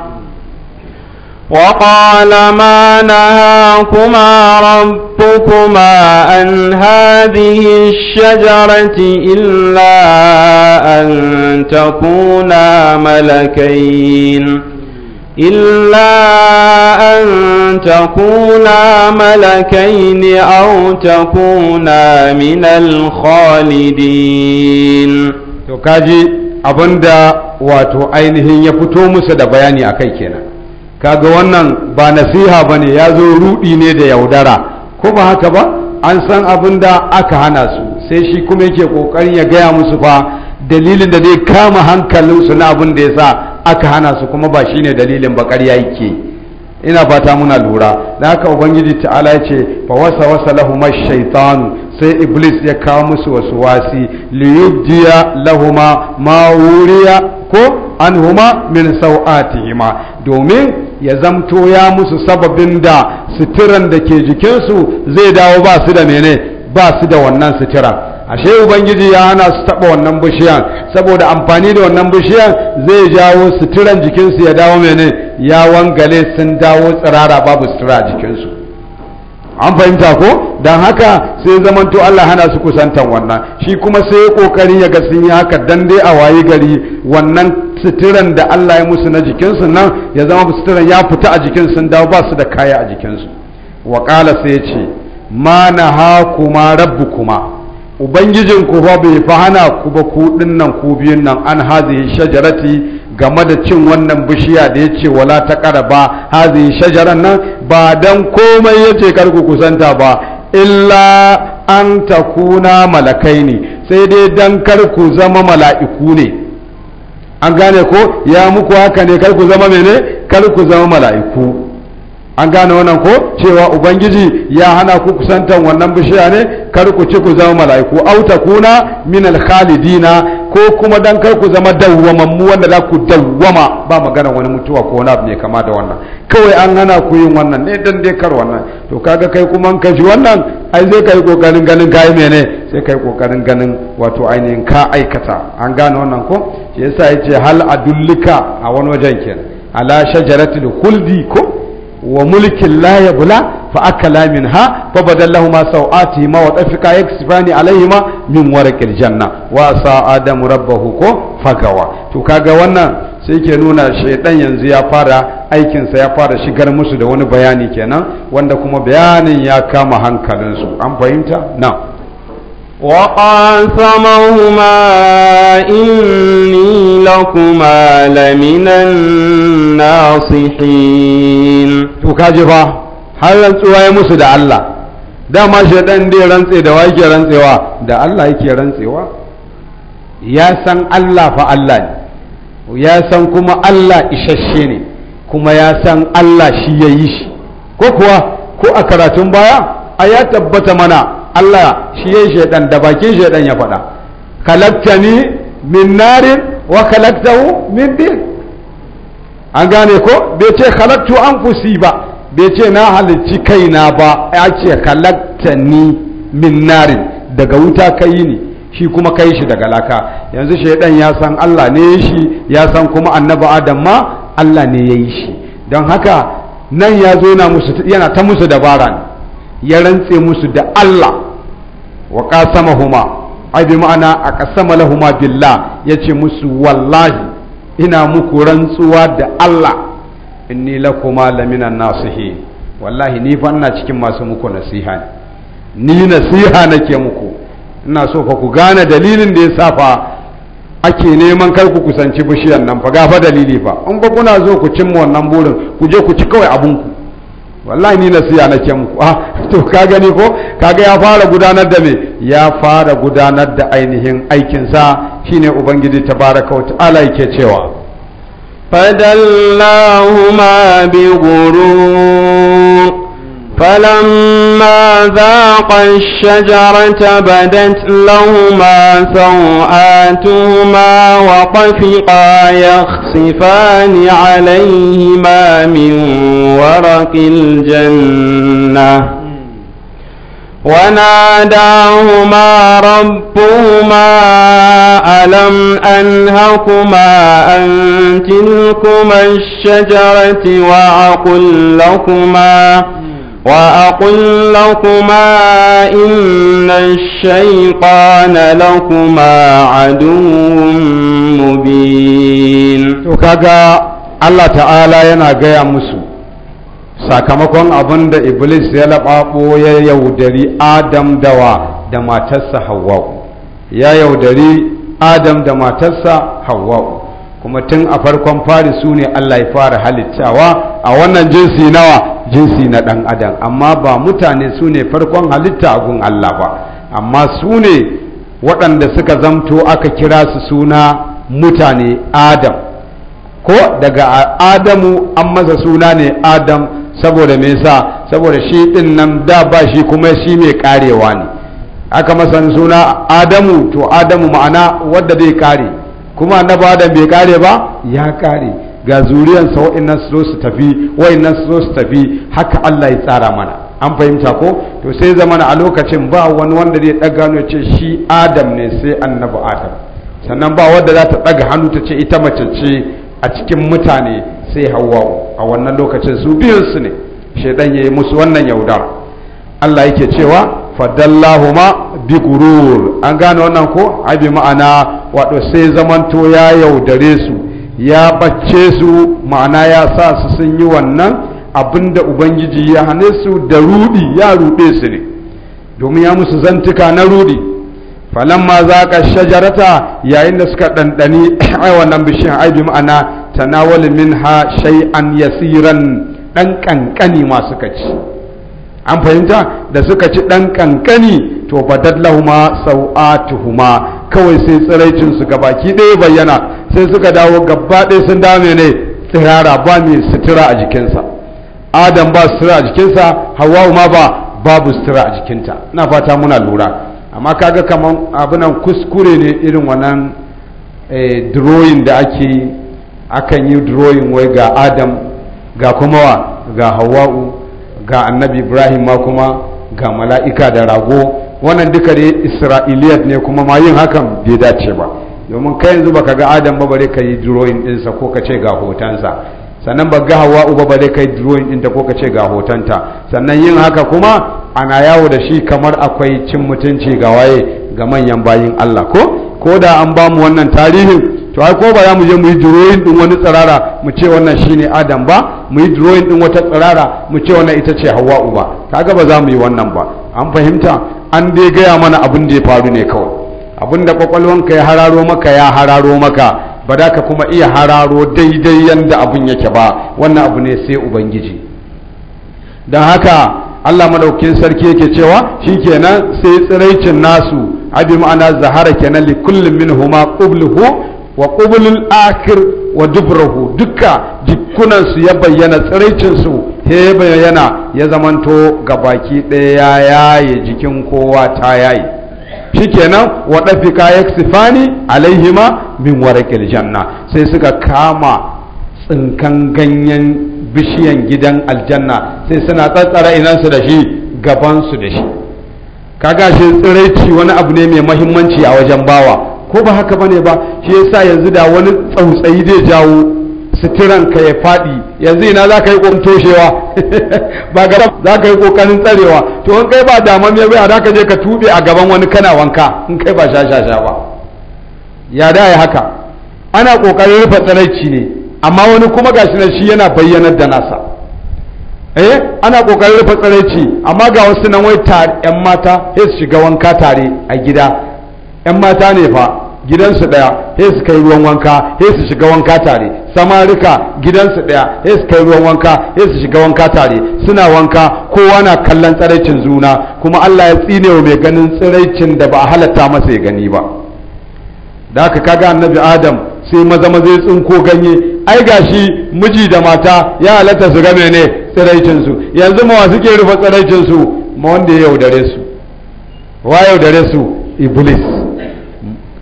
وقال ما نهاكما رب ربكما عن هذه الشجرة إلا أن تكونا ملكين إلا أن تكونا ملكين أو تكونا من الخالدين تكاجي أبندا واتو أينهن يفتو مسد بياني أكيكينا kaga wannan ba nasiha bane ya zo rudi ne da yaudara ko ba haka ba an san abin da aka hana su sai shi kuma yake kokarin ya gaya musu fa dalilin da zai kama hankalinsu na abin da ya sa aka hana su kuma ba shi ne dalilin ba ƙarya yake ina fata muna lura da haka ubangiji ta'ala ya ce fa wasa wasa lahuma shaitanu sai iblis ya kawo musu wasu wasi liyudiya lahuma ma wuriya ko anhuma min sau'atihima domin ya zamto ya musu sababin da sitiran da ke jikinsu zai dawo ba su da mene ba su da wannan sitira ashe ubangiji ya hana su taba wannan bishiyan saboda amfani da wannan bishiyan zai jawo sitiran jikinsu ya dawo mene ya wangale sun dawo tsirara babu a jikinsu an fahimta ko don haka sai zamanto Allah hana su kusantan wannan shi kuma sai kokarin ya ga sun yi haka dan a waye gari wannan suturan da Allah ya musu na jikinsu nan ya zama suturan ya fita a jikin sun dawo ba su da kaya a jikinsu wakala sai ya ce ma na ha kuma rabbu kuma ubangijin ku ba bai fa hana ku ba ku dinnan ku biyun nan an hazihi shajarati game da cin wannan bishiya da yace wala ta qaraba hazihi shajaran nan ba dan komai yace kar ku kusanta ba illa an takuna malakai ne sai dai dan kar ku zama mala'iku ne an gane ko ya muku haka ne kar ku zama mene kar ku zama mala'iku an gane wannan ko cewa ubangiji ya hana ku kusantan wannan bishiya ne kar ku ci ku zama mala'iku auta kuna min al ko kuma dan kar ku zama mu wanda za ku dawwama ba magana wani mutuwa ko wani abu ne kama da wannan kawai an hana ku yin wannan ne dan dai kar wannan to kaga kai kuma an kashi wannan ai zai kai kokarin ganin kai mene sai kai kokarin ganin wato ainihin ka aikata an gane wannan ko shi yasa yace hal adullika a wani wajen kenan ala shajaratil khuldi ko wa mulkin la yabla fa akala minha fa badallahuma ma wa tafika yaksifani alaihima min warqil janna wa sa adamu rabbahu ko fagawa to kaga wannan sai ke nuna shaidan yanzu ya fara aikinsa ya fara shigar musu da wani bayani kenan wanda kuma bayanin ya kama hankalinsu an fahimta na وقاسمهما إني لكما لمن الناصحين تكاجبا هل رنسوا يمس دا الله دا ما شدن دي رنسي دا رنسي وا دا الله يكي رنسيوا يا سن الله فالله يا سن كما الله إششيني كما يا سن الله شيئيش كوكوا كو ko a karatun baya a Allah shi yayi shaiɗan da bakin shaiɗan ya faɗa ni min narin wa khalaqtahu min din an gane ko bai ce an kusi ba bai ce na halicci kaina ba ya ce ni min narin daga wuta yi ni shi kuma kai shi daga laka yanzu shaidan ya san Allah ne shi ya san kuma annabi adam ma Allah ne ya yi shi don haka nan ya zo yana ta musu dabara ne ya rantse musu da Allah wa qasamahuma ai bi ma'ana a qasama lahuma billah ce musu wallahi ina muku rantsuwa da Allah inni lakuma laminan nasihi wallahi ni fa ina cikin masu muku nasiha ne ni nasiha nake muku ina so fa ku gane dalilin da ya sa fa ake neman kar ku kusanci bishiyar nan fa gafa dalili fa in ba kuna zo ku cimma wannan burin ku je ku ci kawai abun wallahi ni nasiha nake muku ah to ka gani ko kaga ya fara gudanar da me ya fara gudanar da ainihin aikinsa shine ubangiji tabaraka wa ta'ala yake cewa fadallahuma bi ghurur فلما ذاقا الشجرة بدت لهما سوآتهما وطفقا يخصفان عليهما من ورق الجنة وناداهما ربهما ألم أنهكما أن تلكما الشجرة وأقل لكما وأقل لكما إن الشيطان لكما عدو مبين وكذا الله تعالى ينادى مسلم sakamakon abin da iblis ya laɓaɓo ya yaudari adam dawa da matarsa hawa'u ya yaudari adam da matarsa hawa'u kuma tun a farkon fari su ne allah ya fara halittawa a wannan jinsi nawa jinsi na ɗan adam amma ba mutane su ne farkon halitta a gun allah ba amma su ne waɗanda suka zamto aka kira su suna mutane adam ko daga adamu an masa suna ne adam saboda me yasa saboda shi din nan da ba shi kuma shi mai karewa ne aka masan suna adamu to adamu ma'ana wadda zai kare kuma ba adam bai kare ba ya kare ga sa wa'annan su su tafi wa'annan su su tafi haka Allah ya tsara mana an fahimta ko to sai zamana a lokacin ba wani wanda zai daga ce shi adam ne sai annabi adam sannan ba wadda za ta daga hannu ta ce ita mace ce a cikin mutane sai hawwa'u a wannan lokacin su biyun su ne shaidan yayi musu wannan yaudar Allah yake cewa fadallahuma bi gurur an gane wannan ko abi ma'ana wato sai zamanto ya yaudare su ya bacce su ma'ana ya sa su sun yi wannan abinda ubangiji ya hane su da rudi ya ruɗe su ne domin ya musu zantuka na rudi falamma za ka shajarata yayin da suka ɗanɗani a wannan bishiyar ai bi ma'ana tanawal minha shay'an yasiran dan kankani ma suka ci an fahimta da suka ci dan kankani to sau'a sau'atuhuma kawai sai tsiraicin su baki ɗaya bayyana sai suka dawo gaba ɗaya sun dame ne tsirara ba mai sutura a jikinsa adam ba sutura a jikinsa hawa ma ba babu sutura a jikinta na fata muna lura amma kaga kaman abinan kuskure ne irin wannan eh, drawing da ake yi akan yi drawing wai ga adam ga kuma wa ga hawa'u ga annabi ibrahim ma kuma ga mala'ika da rago wannan duka dai isra'iliyat ne kuma ma yin hakan bai dace ba domin kai yanzu baka ga adam ba bare kai drawing drawing ɗinsa ko ka ce ga hotonsa sannan ba ga hawa'u ba bare kai drawing drawing ɗinta ko ka ce ga hotonta sannan yin haka kuma ana yawo da shi kamar akwai cin mutunci ga waye ga manyan bayin allah ko ko da an bamu wannan tarihin to ai ko ba za mu je mu yi drawing din wani tsirara mu ce wannan shine adam ba mu yi drawing din wata tsirara mu ce wannan ita ce hawa'u ba kaga ba za mu yi wannan ba an fahimta an dai gaya mana abin da ya faru ne kawai abin da kwakwalwanka ya hararo maka ya hararo maka ba da ka kuma iya hararo daidai yanda abin yake ba wannan abu ne sai ubangiji don haka allah madaukin sarki yake cewa shi kenan sai tsiraicin nasu abi ma'ana zahara kenan li kullum min huma qubluhu wa ƙubulin akir wa dubrahu duka jikunansu ya bayyana tsiraicinsu ya bayyana ya zamanto ga baki ɗaya ya yaye jikin kowa ta shi kenan wa ɗafika ya sifani alaihima min warakil janna sai suka kama tsinkan ganyen bishiyan gidan aljanna sai suna tsatsara inansu da shi gabansu da shi kaga shi tsiraici wani abu ne mai mahimmanci a wajen bawa ko ba haka bane ba shi yasa yanzu da wani tsautsayi zai jawo suturan ka ya faɗi yanzu ina za ka yi ƙoƙarin toshewa ba gaba za ka yi ƙoƙarin tsarewa to in kai ba daman ya bai ka je ka tuɓe a gaban wani kana wanka in kai ba shashasha ba ya da ya haka ana ƙoƙarin rufe tsaraici ne amma wani kuma ga shi shi yana bayyanar da nasa eh ana ƙoƙarin rufe tsaraici amma ga wasu nan wai 'yan mata sai su shiga wanka tare a gida 'yan mata ne fa gidansu ɗaya sai su kai ruwan wanka sai su shiga wanka tare samarika gidansu ɗaya sai su kai ruwan wanka sai su shiga wanka tare suna wanka kowa na kallon tsiraicin zuna kuma Allah ya tsine wa mai ganin tsiraicin da ba a halatta masa ya gani ba da aka kaga annabi Adam sai maza maza ya tsinko ganye ai gashi miji da mata ya halatta su ga mene tsiraicin su yanzu ma suke rufe tsiraicin su ma wanda ya yaudare su wa yaudare su iblis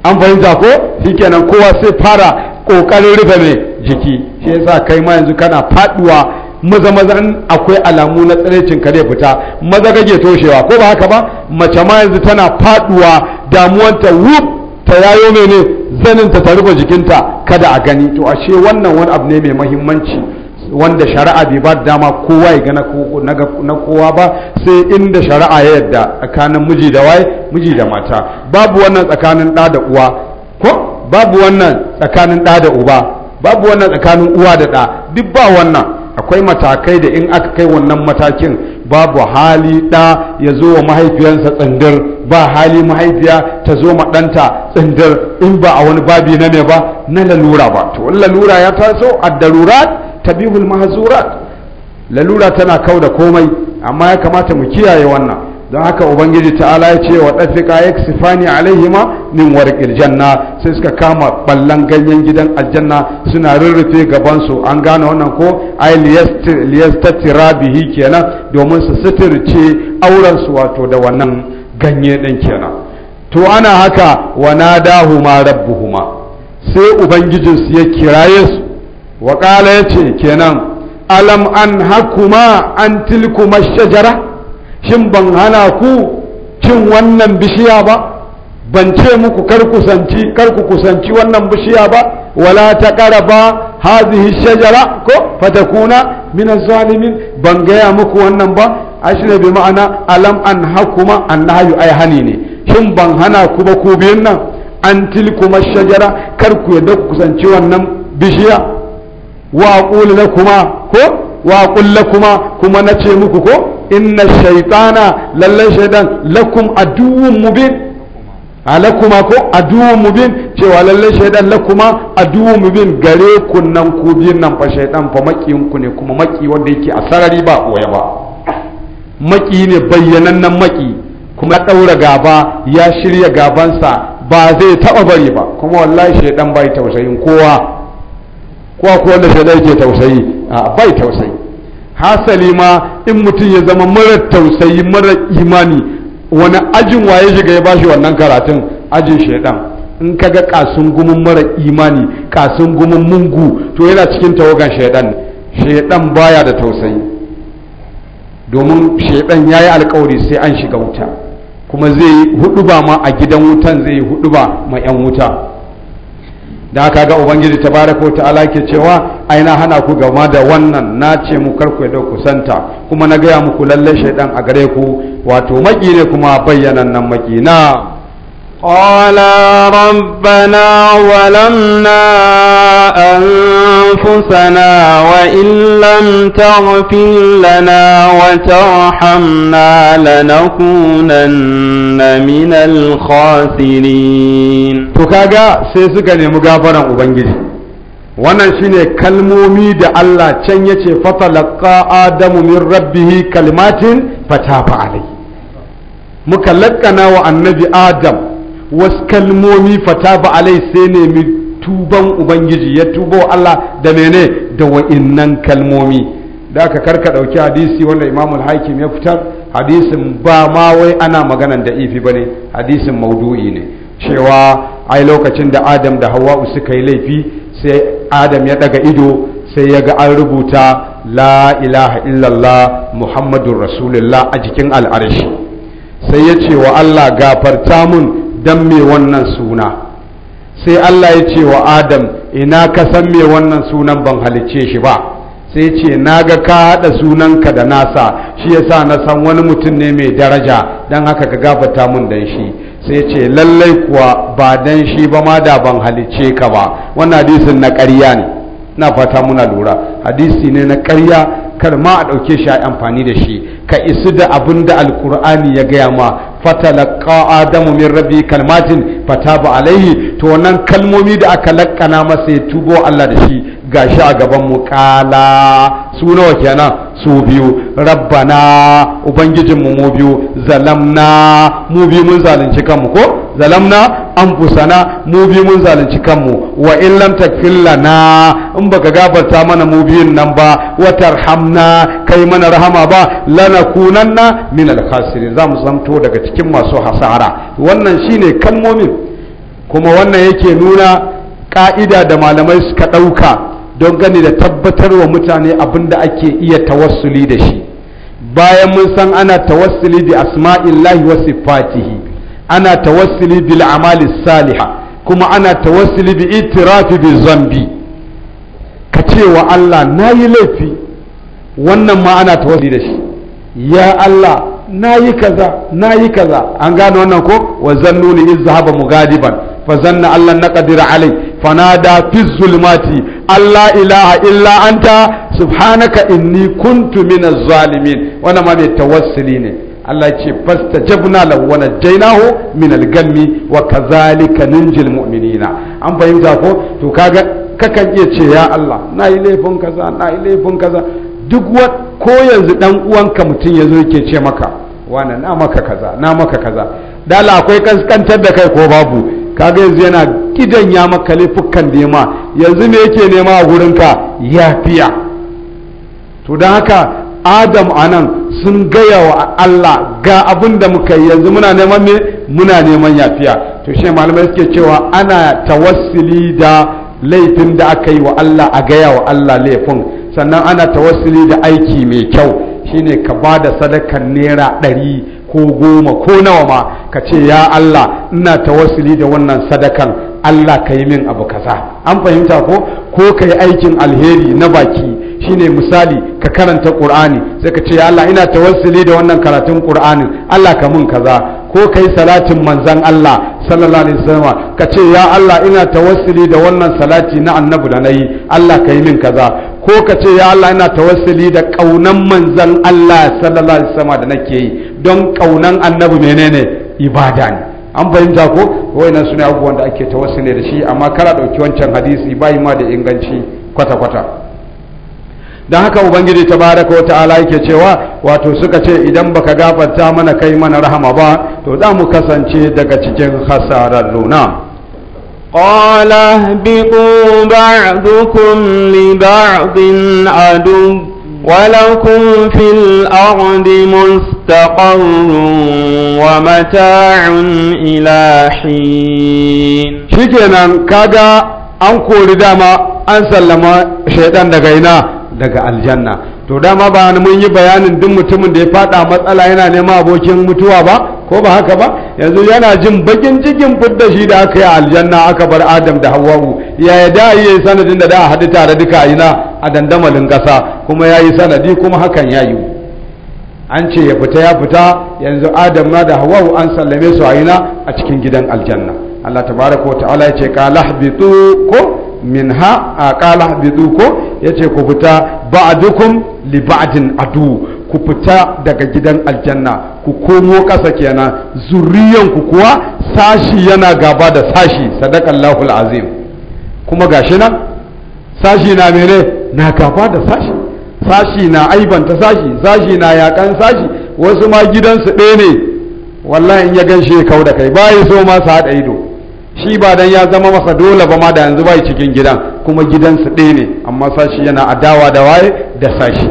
an fahimta ko shikenan kowa sai fara kokarin rufe mai jiki shi yasa kai ma yanzu kana faduwa maza maza akwai alamu na tsiraicin ka zai fita maza kake toshewa ko ba haka ba mace ma yanzu tana faduwa ta wuf ta yayo mene zanin ta ta rufe jikinta kada a gani to ashe wannan wani abu ne mai muhimmanci wanda shari'a bai ba dama kowa ya gana na kowa ba sai inda shari'a ya yadda tsakanin miji da waye miji da mata babu wannan tsakanin ɗa da uwa ko babu wannan tsakanin ɗa da uba babu wannan tsakanin uwa da ɗa duk ba wannan akwai matakai da in aka kai wannan matakin babu hali ɗa ya zo wa mahaifiyarsa tsindir ba hali mahaifiya ta zo ma ɗanta tsindir in ba a wani babi na ne ba na lalura ba to lalura ya taso a darurat tabihul mahzurat lalura tana kau da komai amma ya kamata mu kiyaye wannan don haka ubangiji ta'ala ya ce wa ɗafika yaksifani alaihima min warqil janna sai suka kama ballan ganyen gidan aljanna suna rurrufe gabansu an gane wannan ko ai liyastatira bihi kenan domin su suturce aurensu wato da wannan ganye din kenan to ana haka wa ma rabbuhuma sai ubangijinsu ya kiraye su wa ya ce kenan alam an hakuma an tilkuma shajara shin ban hana ku cin wannan bishiya ba ban ce muku kar kar ku kusanci wannan bishiya ba wala ta ba hazihi shajara ko fatakuna min zalimin ban gaya muku wannan ba ashine bi ma'ana alam an hakuma an nahyu ai hani ne shin ban hana ku ba ku biyun nan an tilkuma shajara kar ku yadda ku kusanci wannan bishiya wa lakuma kuma wa aqul lakuma kuma nace muku ko inna shaytana lalle shaytan lakum aduwwun mubin alakuma ko aduwwun mubin cewa lalle shaidan lakuma aduwwun mubin gare ku nan ku biyun nan fa shaidan fa ne kuma maki wanda yake a sarari ba koya ba maki ne bayyanannen maki kuma ɗaura gaba ya shirya gabansa ba zai taɓa bari ba kuma wallahi shaiɗan bai tausayin kowa ko ko wanda sai yake tausayi a bai tausayi hasali ma in mutum ya zama mara tausayi mara imani wani ajin waye shiga ya bashi wannan karatun ajin shaidan in kaga kasun gumin mara imani kasun gumin mungu to yana cikin tawagan shaidan shaidan baya da tausayi domin shaidan yayi alkawari sai an shiga wuta kuma zai yi hudu ma a gidan wutan zai yi hudu ma yan wuta da aka ga ubangiji ta tabaraka wa ta'ala ke cewa ai na hana ku gama da wannan na ce mu da ku santa kusanta kuma na gaya muku lalle shaidan a gare ku wato maki ne kuma bayyanan nan maki na قالا ربنا ظلمنا أنفسنا وإن لم تغفر لنا وترحمنا لنكونن من الخاسرين تكاغا سيسكا نمغافرا أبنجي wannan shine kalmomi da Allah can yace fatalaka adamu min rabbihi kalimatin fatafa alai muka lakkana wa annabi adam wasu kalmomi fata ba alai sai mi tuban ubangiji ya tubo Allah da mene da wa'innan kalmomi da aka karka ɗauki hadisi wanda imamul hakim ya fitar hadisin ba ma wai ana maganan da ifi ba ne hadisin maudu'i ne cewa ai lokacin da adam da hawa'u suka yi laifi sai adam ya daga ido sai ya ga an rubuta la ilaha illallah muhammadun rasulullah a jikin al'arshi sai ya ce wa Allah gafarta mun dan me wannan suna sai Allah ya ce wa Adam ina ka san me wannan sunan ban halicce shi ba sai ce na ga ka haɗa sunanka da nasa shi yasa na san wani mutum ne mai daraja don haka ka gafata mun dan shi sai ce lallai kuwa ba dan shi ba ma da ban halicce ka ba wannan hadisin na ƙarya ne na fata muna lura hadisi ne na ƙarya Kalma a ɗauke shi a amfani da shi ka isu da abin da alkur'ani ya gaya ma fatalaka adamu min rabbi kalmatin fataba alaihi to wannan kalmomi da aka lakkana masa ya tubo Allah da shi Ga shi a gaban mu kala su nawa kenan su biyu rabbana ubangijin mu biyu zalamna mu biyu mun zalunci kanmu ko zalamna anfusana mu bi mun zalunci kanmu wa in lam takfir lana in baka gafarta mana mu biyun nan ba wa tarhamna kai mana rahama ba lanakunanna min al-khasirin zamu zamto daga cikin masu hasara wannan shine kalmomin kuma wannan yake nuna ka'ida da malamai suka ɗauka don gani da tabbatar wa mutane abin da ake iya tawassuli da shi bayan mun san ana tawassuli bi asma'illahi wa sifatihi ana tawassuli bil amali saliha kuma ana tawassuli bi itirafi bi zambi ka ce wa Allah na yi laifi wannan ma ana tawassuli da shi ya Allah na yi kaza na yi kaza an gane wannan ko wa zannu ni iz zahaba mugadiban fa zanna Allah na qadira alai fanada fi zulmati Allah ilaha illa anta subhanaka inni kuntu minaz zalimin wannan ma mai tawassuli ne Allah ya ce fastajabna lahu wa jainahu min al-gammi wa kazalika ninjil mu'minina an fahimta ko to kaga kakan iya ce ya Allah na yi laifin kaza na yi laifin kaza duk wat ko yanzu dan uwanka mutum yazo yake ce maka wana na maka kaza na maka kaza dala akwai kaskantar da kai ko babu kaga yanzu yana kidan ya maka laifukan nema yanzu me yake nema a gurinka yafiya to don haka adam anan sun gaya wa Allah ga abin da muka yi yanzu muna neman me muna neman yafiya to shi malamai suke cewa ana tawassuli da laifin da aka yi wa Allah a gaya wa Allah laifin sannan ana tawassuli da aiki mai kyau shine ka ba da sadakar naira ɗari ko goma ko nawa ma ka ce ya Allah ina tawassuli da wannan sadakan Allah ka yi min abu kaza an fahimta ko ko ka yi aikin alheri na baki shine misali ka karanta qur'ani sai ka ce ya Allah ina tawassuli da wannan karatun qur'anin Allah ka mun kaza ko kai salatin manzon Allah sallallahu alaihi wasallam ka ce ya Allah ina tawassuli da wannan salati na annabi da nayi Allah ka yi min kaza ko ka ce ya Allah ina tawassuli da kaunan manzon Allah sallallahu alaihi wasallam da nake yi don kaunan annabi menene ibada ne an fahimta ko wayannan sune abubuwan da ake tawassuli da shi amma kara dauki wancan hadisi bai ma da inganci kwata kwata don haka ubangiji tabaraka wa ta'ala yake cewa wato suka ce idan baka gafarta mana kai mana rahama ba to za mu kasance daga cikin hasarar nuna قال اهبطوا بعضكم لبعض عدو ولكم في الأرض مستقر ومتاع إلى an شكرا كذا أنكو sallama أنسلم شيطان دقينا daga aljanna to dama ba mun yi bayanin duk mutumin da ya fada matsala yana neman abokin mutuwa ba ko ba haka ba yanzu yana jin bakin cikin fudda shi da aka yi aljanna aka bar adam da hawa'u ya ya da yi sanadin da da a haɗu tare duka ina a dandamalin ƙasa kuma ya yi sanadi kuma hakan ya yi an ce ya fita ya fita yanzu adam na da hawa'u an sallame su a ina a cikin gidan aljanna allah tabaraka wa ta'ala ya ce ka lahbitu ko minha a qala habidu ko yace ku fita ba'dukum li ba'din adu ku fita daga gidan aljanna ku komo ƙasa kenan zuriyan ku kuwa sashi yana gaba da sashi sadaqallahu azim kuma gashi nan sashi na mene na gaba da sashi sashi na aibanta sashi sashi na yakan sashi wasu ma gidansu ɗaya ne wallahi in ya gan shi kau da kai bayi so ma su haɗa ido shi ba dan ya zama masa dole ba ma da yanzu bai cikin gidan kuma su ɗaya ne amma sashi yana adawa da waye da sashi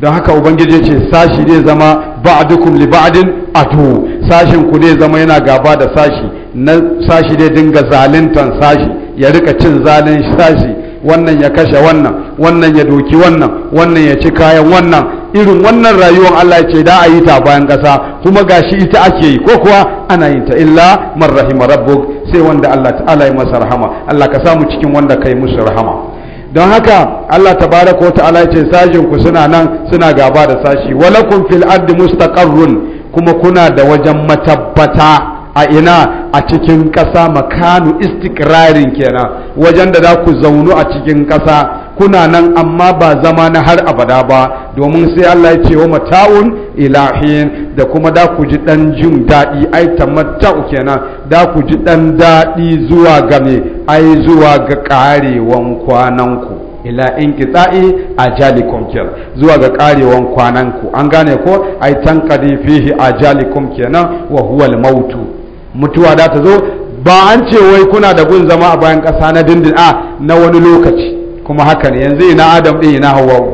don haka ubangiji ya ce sashi zai zama ba'dukum li ba'din atu sashin ku zai zama yana gaba da sashi na sashi zai dinga zalintan sashi ya rika cin zalin sashi wannan ya kashe wannan wannan ya doki wannan wannan ya ci kayan wannan irin wannan rayuwar Allah ce da a yi ta bayan ƙasa kuma gashi ita ake yi ko kuwa ana yin ta illa man rahima rabbuk sai wanda Allah ta'ala ya masa rahama Allah ka samu cikin wanda kai musu rahama don haka Allah tabaraka wa ta'ala ce sajin ku suna nan suna gaba da sashi walakum fil ardi mustaqarrun kuma kuna da wajen matabbata a ina a cikin ƙasa makanu istikrarin kenan wajen da za ku zaunu a cikin ƙasa kuna nan amma ba zama na har abada ba domin sai Allah ya ce wa mata'un ilahin da kuma da ku ji dan jin daɗi ai tamatta'u kenan da ku ji dan daɗi zuwa ga me ai zuwa ga ƙarewan ku ila in kita'i ajalikum kenan zuwa ga karewan kwananku an gane ko ai tankadi fihi ajalikum kenan wa huwal mautu mutuwa da ta zo ba an ce wai kuna da gun zama a bayan ƙasa na dindin a na wani lokaci kuma haka ne yanzu ina adam ɗin ina hawa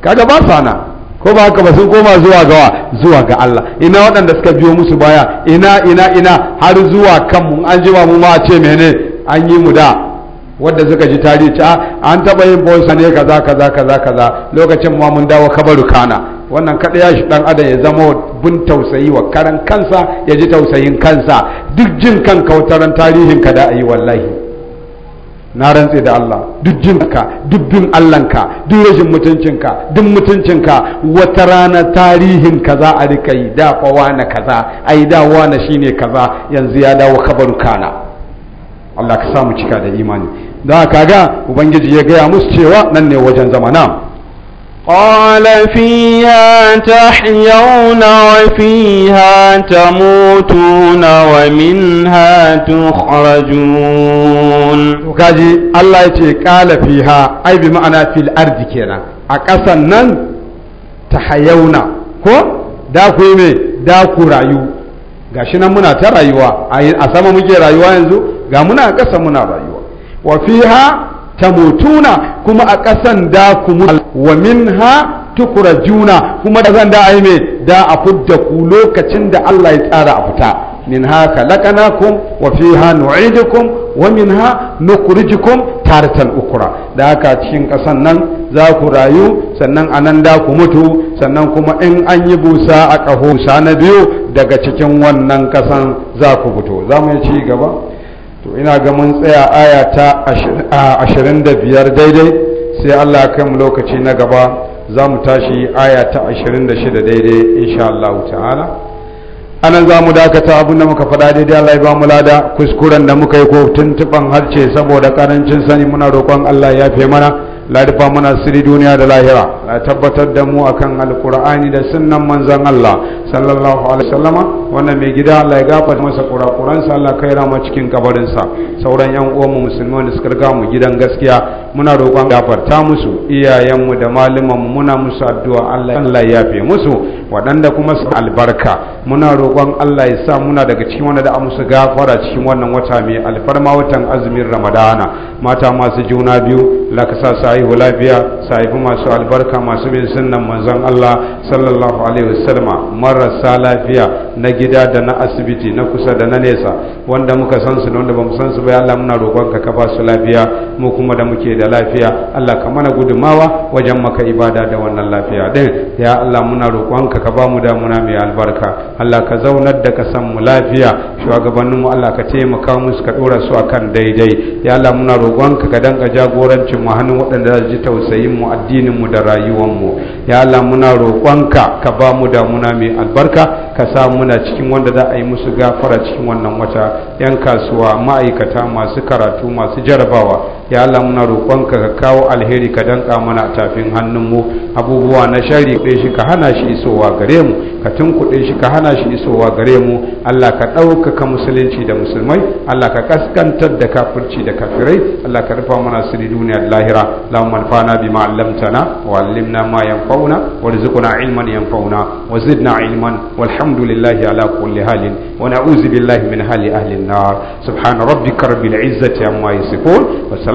kaga ba sana ko ba haka ba sun koma zuwa gawa zuwa ga Allah ina waɗanda suka biyo musu baya ina ina ina har zuwa kanmu an ba mu ma a ce mene an yi mu da wadda suka ji tarihi ta an taɓa yin bonsa ne kaza kaza kaza kaza lokacin ma mun dawo kabaru kana wannan kaɗa ya shi ɗan ada ya zama bin tausayi wa karan kansa ya ji tausayin kansa duk jin kan kautaran tarihin ka da ayi wallahi na rantse da Allah duk jin ka duk bin Allahnka duk rashin mutuncin duk mutuncin wata rana tarihin ka za a rika yi da fa na kaza yi da wani shine kaza yanzu ya dawo kabar kana Allah ka samu cika da imani da kaga ubangiji ya gaya musu cewa nan ne wajen zamana قال فيها تحيون وفيها تموتون ومنها تخرجون وكاجي الله يتي قال فيها اي بمعنى في الارض كينا أقصن نن تحيون كو دا كوي مي دا كو رايو غاشي ta منا a sama muke rayuwa yanzu ga muna a ƙasa muna rayuwa wa fiha tamutuna kuma a ƙasan da ku wa tukura juna kuma da zan da ai me da a fudda ku lokacin da Allah ya tsara a fita min haka lakanakum wa fiha nu'idukum wa minha kun taratan ukra da haka cikin ƙasan nan za ku rayu sannan anan da ku mutu sannan kuma in an yi busa a kaho na biyu daga cikin wannan kasan za ku fito za mu ci gaba to ina ga mun tsaya aya ta 25 daidai sai Allah ya kai mu lokaci na gaba za mu tashi aya ta 26 daidai insha Allah ta'ala anan za mu dakata abin da muka faɗa daidai Allah ya ba mu lada kuskuren da muka yi ko tuntuɓan harce saboda karancin sani muna roƙon Allah ya fi mana larifa mana siri duniya da lahira a tabbatar da mu akan alkur'ani da sunnan manzon Allah sallallahu alaihi wasallama wannan mai gida Allah ya gafarta masa sa Allah kai rama cikin kabarinsa sauran yan mu musulmai da suka ga mu gidan gaskiya muna roƙon gafarta musu iyayenmu da malamanmu muna musu addu'a Allah Allah ya yafe musu waɗanda kuma su albarka muna roƙon Allah ya sa muna daga cikin wanda da musu gafara cikin wannan wata mai alfarma watan azumin Ramadana mata masu juna biyu la ka sahihu lafiya sahihu masu albarka masu bin sunnan manzon Allah sallallahu alaihi wasallam marasa lafiya na gida. gida da na asibiti na kusa da na nesa wanda muka san su da wanda bamu san su ba Allah muna roƙon ka kafa su lafiya mu kuma da muke da lafiya Allah ka mana gudumawa wajen maka ibada da wannan lafiya din ya Allah muna roƙon ka ka ba mu da muna mai albarka Allah ka zaunar da ka san mu lafiya shugabannin mu Allah ka taimaka musu ka dora su akan daidai ya Allah muna roƙon ka ka danka jagorancin mu hannun waɗanda za su ji tausayin mu addinin mu da rayuwar mu ya Allah muna roƙon ka ka ba mu da muna mai albarka ka sa muna cikin wanda za a yi musu gafara cikin wannan wata 'yan kasuwa ma'aikata masu karatu masu jarabawa ya Allah muna roƙonka ka kawo alheri ka danka mana a tafin hannunmu abubuwa na shari kuɗe shi ka hana shi isowa gare mu ka tunkuɗe shi ka hana shi isowa gare mu Allah ka ɗaukaka musulunci da musulmai Allah ka kaskantar da kafirci da kafirai Allah ka rufa mana sirri duniya da lahira lahumma alfana bima allamtana wa allimna ma yanfa'una warzuqna ilman yanfa'una wa zidna ilman walhamdulillahi ala kulli halin wa na'uzu billahi min hali ahli an-nar subhana rabbika rabbil izzati amma yasifun wa